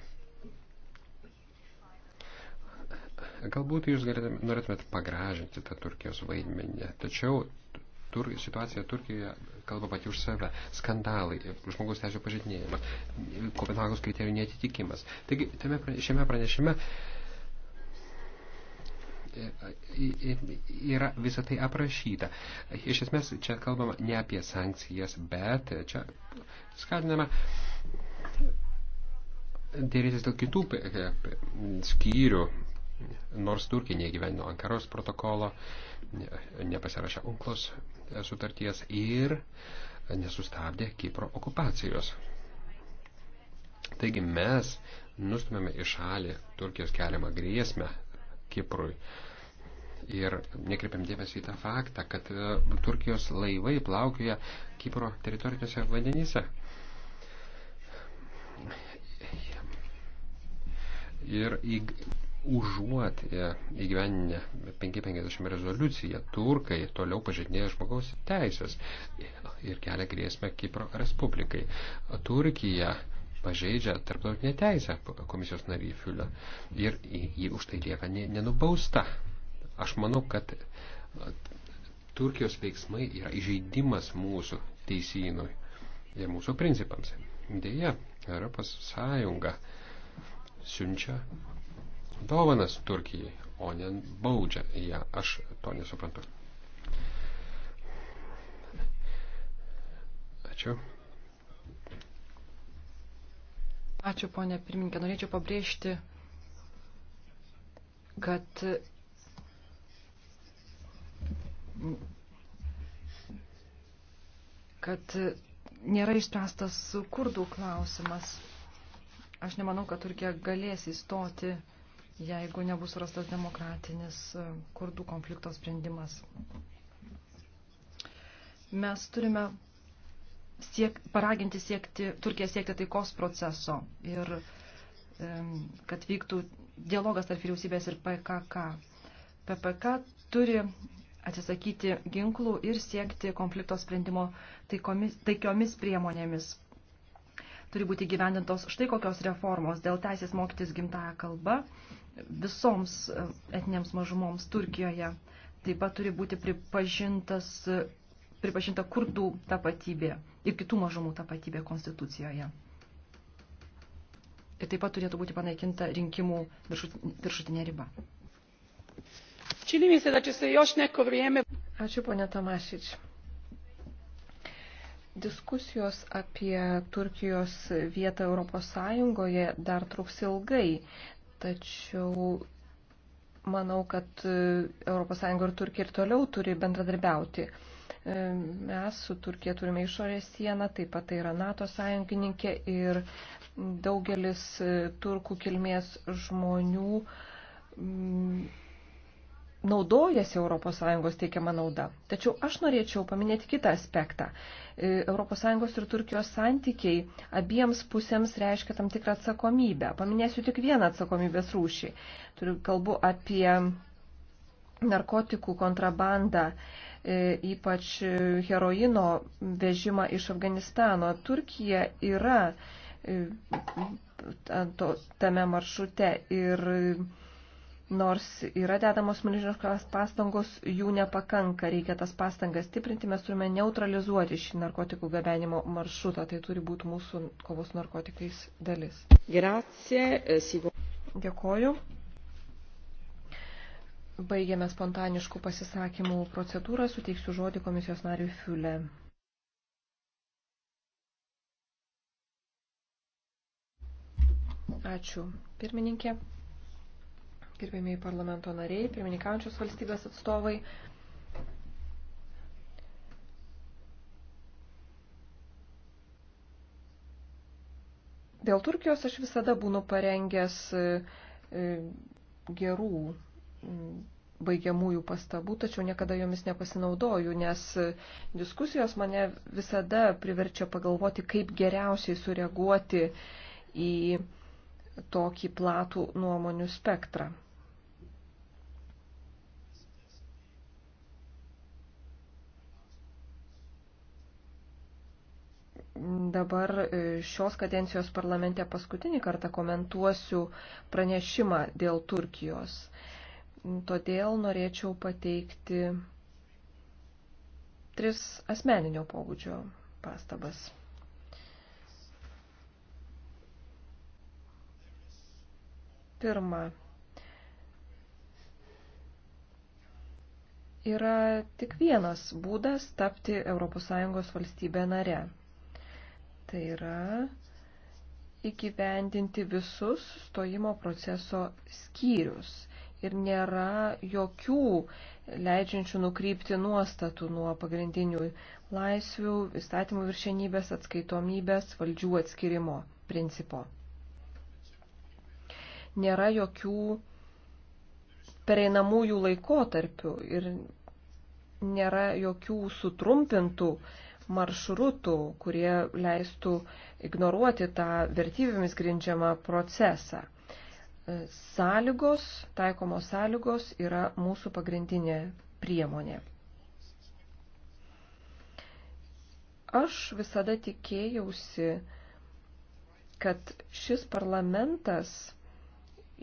Galbūt jūs norėtumėt pagražinti tą Turkijos vaidmenį, tačiau tur, situacija Turkijoje kalba pati už save. Skandalai, žmogus teisų pažydinėjimas, Kopenhagos kriterijų netitikimas. Taigi, tame, šiame pranešime e, e, e, yra visą tai aprašyta. Iš esmės, čia kalbama ne apie sankcijas, bet čia skatinama dėrėtis dėl kitų skyrių, nors Turkija negyveno Ankaros protokolo, nepasirašė UNCLOS sutarties ir nesustabdė Kipro okupacijos. Taigi mes nustumėme į šalį Turkijos keliamą grėsmę Kiprui. Ir nekreipiam dėmesį į tą faktą, kad e, Turkijos laivai plaukioja Kipro teritoriniuose vandenyse. Ir į, užuot e, įgyveninę 550 rezoliuciją, turkai toliau pažeidinėja žmogaus teisės ir kelia grėsmę Kipro Respublikai. Turkija pažeidžia tarptautinę teisę komisijos narį Fiulę ir ji už tai lieka nenubausta. Aš manau, kad e, Turkijos veiksmai yra įžeidimas mūsų teisynui ir mūsų principams. Deja, Europos Sąjunga uh, siunčia dovanas Turkijai, o ne baudžia ją. Aš to nesuprantu. Ačiū. Ačiū, ponė pirminkė. Norėčiau pabrėžti, kad kad nėra išspręstas kurdų klausimas. Aš nemanau, kad Turkija galės įstoti, jeigu nebus rastas demokratinis e, kurdų konflikto sprendimas. Mes turime siek, paraginti siekti, Turkiją siekti taikos proceso ir e, kad vyktų dialogas tarp vyriausybės ir PKK. PPK turi atsisakyti ginklų ir siekti konflikto sprendimo taikomis, taikiomis priemonėmis turi būti gyvendintos štai kokios reformos dėl teisės mokytis gimtają kalbą visoms e, etinėms mažumoms Turkijoje. Taip pat turi būti pripažintas, e, pripažinta kurdų tapatybė ir kitų mažumų tapatybė konstitucijoje. Ir taip pat turėtų būti panaikinta rinkimų viršutinė riba. Čini mi se da će se još neko vrijeme... Ačiū, ponia Tomašič. Diskusijos apie Turkijos vietą Europos Sąjungoje dar truks ilgai, tačiau manau, kad ES ir Turkija ir toliau turi bendradarbiauti. E, mes su Turkija turime išorės sieną, taip pat tai yra NATO sąjungininkė ir daugelis e, turkų kilmės žmonių naudojasi ES teikiama nauda. Tačiau aš norėčiau paminėti kitą aspektą. ES ir Turkijos santykiai abiems pusėms reiškia tam tikrą atsakomybę. Paminėsiu tik vieną atsakomybės rūšį. Turiu kalbu apie narkotikų kontrabandą, e, ypač heroino vežimą iš Afganistano. Turkija yra e, tame maršrute ir Nors yra dedamos milžiniškas pastangos, jų nepakanka, reikia tas pastangas stiprinti, mes turime neutralizuoti šį narkotikų gabenimo maršrutą, tai turi būti mūsų kovos narkotikais dalis. Grazie, e, Sigur. Dėkoju. Baigėme spontaniškų pasisakymų procedūrą, suteiksiu žodį komisijos nariui Fiule. Ačiū, pirmininkė gerbėmiai parlamento nariai, pirmininkaujančios valstybės atstovai. Dėl Turkijos aš visada būnu parengęs e, gerų baigiamųjų pastabų, tačiau niekada jomis nepasinaudoju, nes diskusijos mane visada priverčia pagalvoti, kaip geriausiai sureaguoti į tokį platų nuomonių spektrą. dabar e, šios kadencijos parlamente paskutinį kartą komentuosiu pranešimą dėl Turkijos. Todėl norėčiau pateikti tris asmeninio pobūdžio pastabas. Pirma. Yra tik vienas būdas tapti ES valstybę nare Tai yra įgyvendinti visus stojimo proceso skyrius. Ir nėra jokių leidžiančių nukrypti nuostatų nuo pagrindinių laisvių, įstatymų viršenybės, atskaitomybės, valdžių atskirimo principo. Nėra jokių pereinamųjų laikotarpių ir nėra jokių sutrumpintų uh, maršrutų, kurie leistų ignoruoti tą vertybėmis grindžiamą procesą. Sąlygos, taikomos sąlygos yra mūsų pagrindinė priemonė. Aš visada tikėjausi, kad šis parlamentas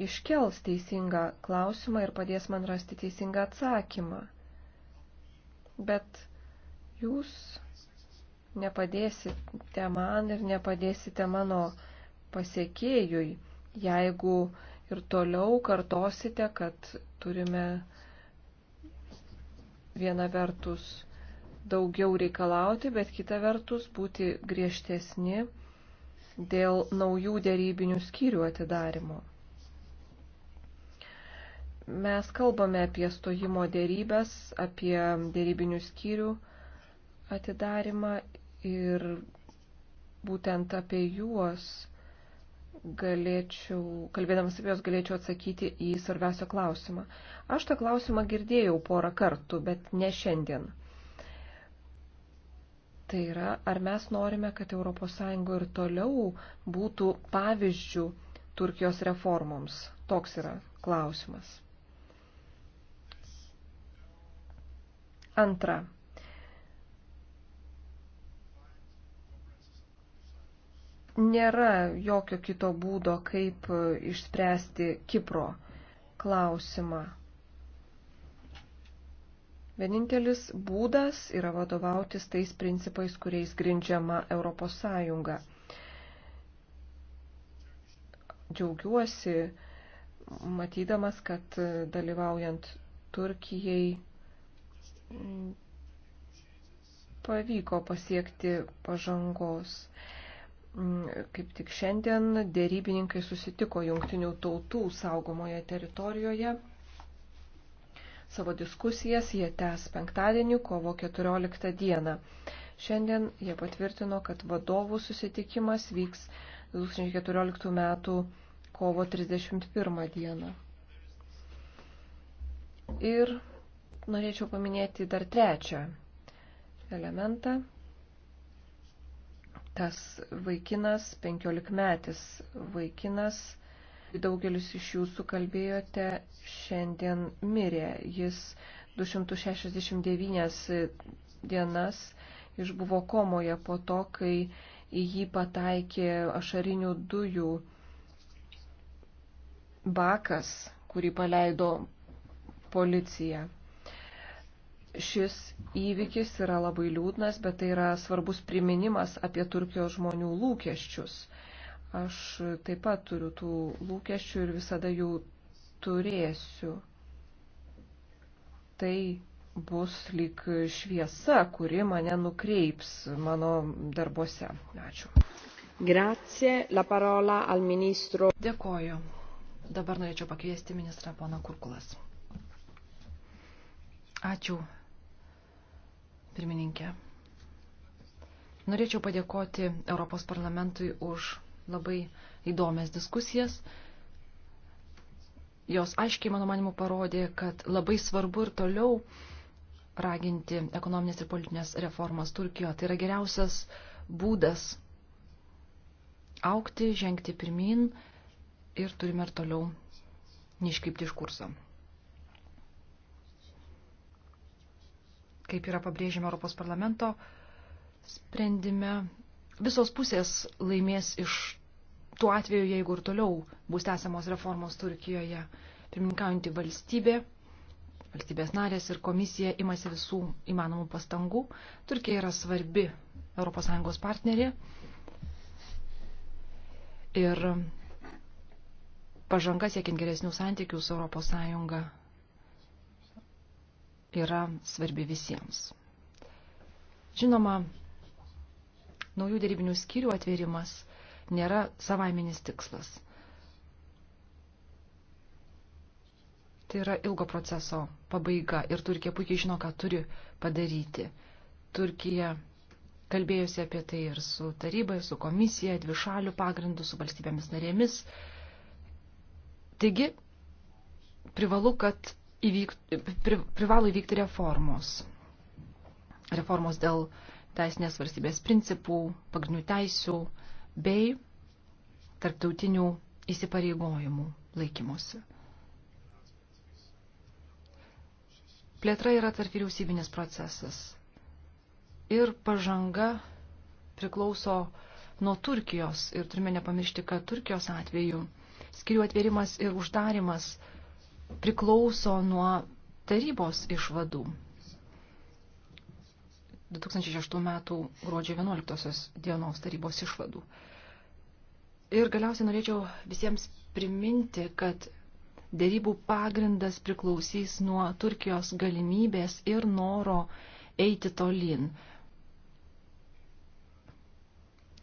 iškels teisingą klausimą ir padės man rasti teisingą atsakymą. Bet jūs nepadėsite man ir nepadėsite mano pasiekėjui, jeigu ir toliau kartosite, kad turime viena vertus daugiau reikalauti, bet kita vertus būti griežtesni dėl naujų dėrybinių skyrių atidarimo. Mes kalbame apie stojimo dėrybės, apie dėrybinių skyrių atidarimą Ir būtent apie juos galėčiau, kalbėdamas apie juos galėčiau atsakyti į svarbiausią klausimą. Aš tą klausimą girdėjau porą kartų, bet ne šiandien. Tai yra, ar mes norime, kad ES ir toliau būtų pavyzdžių Turkijos reformoms? Toks yra klausimas. Antra. nėra jokio kito būdo, kaip e, išspręsti Kipro klausimą. Vienintelis būdas yra vadovautis tais principais, kuriais grindžiama Europos Sąjunga. Džiaugiuosi, matydamas, kad e, dalyvaujant Turkijai pavyko pasiekti pažangos. Mm, kaip tik šiandien dėrybininkai susitiko jungtinių tautų saugomoje teritorijoje. Savo diskusijas jie tęs penktadienį, kovo 14 dieną. Šiandien jie patvirtino, kad vadovų susitikimas vyks 2014 m. kovo 31 dieną. Ir norėčiau paminėti dar trečią elementą tas vaikinas, penkiolikmetis vaikinas, daugelis iš jūsų kalbėjote, šiandien mirė. Jis 269 dienas išbuvo komoje po to, kai į jį pataikė ašarinių dujų bakas, kurį paleido policija. Šis įvykis yra labai liūdnas, bet tai yra svarbus priminimas apie Turkijos žmonių lūkesčius. Aš taip pat turiu tų lūkesčių ir visada jų turėsiu. Tai bus lyg šviesa, kuri mane nukreips mano darbuose. Ačiū. Grazie, la parola al ministro. Dėkoju. Dabar norėčiau pakviesti ministrą poną Kurkulas. Ačiū pirmininkė. Norėčiau padėkoti Europos parlamentui už labai įdomias diskusijas. Jos aiškiai, mano manimu, parodė, kad labai svarbu ir toliau raginti ekonominės ir politinės reformas Turkijoje. Tai yra geriausias būdas aukti, žengti pirmin ir turime ir toliau neiškrypti iš kurso. kaip yra pabrėžima Europos parlamento sprendime, visos pusės laimės iš tuo atveju, jeigu ir toliau bus tęsiamos reformos Turkijoje, pirmininkaujantį valstybė, valstybės narės ir komisija imasi visų įmanomų pastangų. Turkija yra svarbi ES partnerė ir pažanga siekiant geresnių santykių su ES yra svarbi visiems. Žinoma, naujų dėrybinių skyrių atvėrimas nėra savaiminis tikslas. Tai yra ilgo proceso pabaiga ir Turkija puikiai žino, ką turi padaryti. Turkija kalbėjusi apie tai ir su taryba, ir su komisija, dvišalių pagrindų, su valstybėmis narėmis. Taigi, privalu, kad įvyk, pri, privalo įvykti reformos. Reformos dėl teisinės valstybės principų, pagrindinių teisių bei tarptautinių įsipareigojimų laikymosi. Plėtra yra tarp vyriausybinės procesas ir pažanga priklauso nuo Turkijos ir turime nepamiršti, kad Turkijos atveju skirių atvėrimas ir uždarimas priklauso nuo tarybos išvadų. 2006 metų gruodžio 11 dienos tarybos išvadų. Ir galiausiai norėčiau visiems priminti, kad dėrybų pagrindas priklausys nuo Turkijos galimybės ir noro eiti tolin.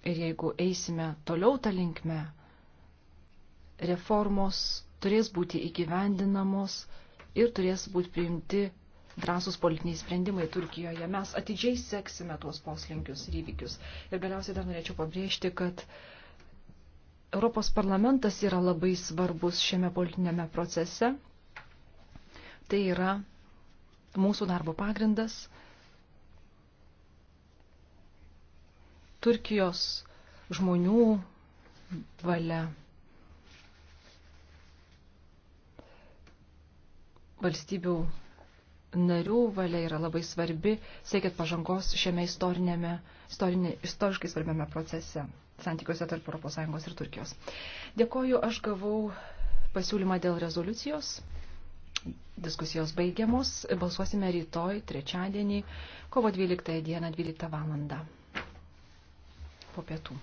Ir jeigu eisime toliau tą linkmę, reformos turės būti įgyvendinamos ir turės būti priimti drąsūs politiniai sprendimai Turkijoje. Mes atidžiai seksime tuos poslinkius ir įvykius. Ir galiausiai dar norėčiau pabrėžti, kad Europos parlamentas yra labai svarbus šiame politinėme procese. Tai yra mūsų darbo pagrindas. Turkijos žmonių valia valstybių narių valia yra labai svarbi, siekiant pažangos šiame istorinėme, istorinė, istoriškai svarbiame procese santykiuose tarp ES ir Turkijos. Dėkoju, aš gavau pasiūlymą dėl rezoliucijos. Diskusijos baigiamos. Balsuosime rytoj, trečiadienį, kovo 12 dieną, 12 valandą po pietų.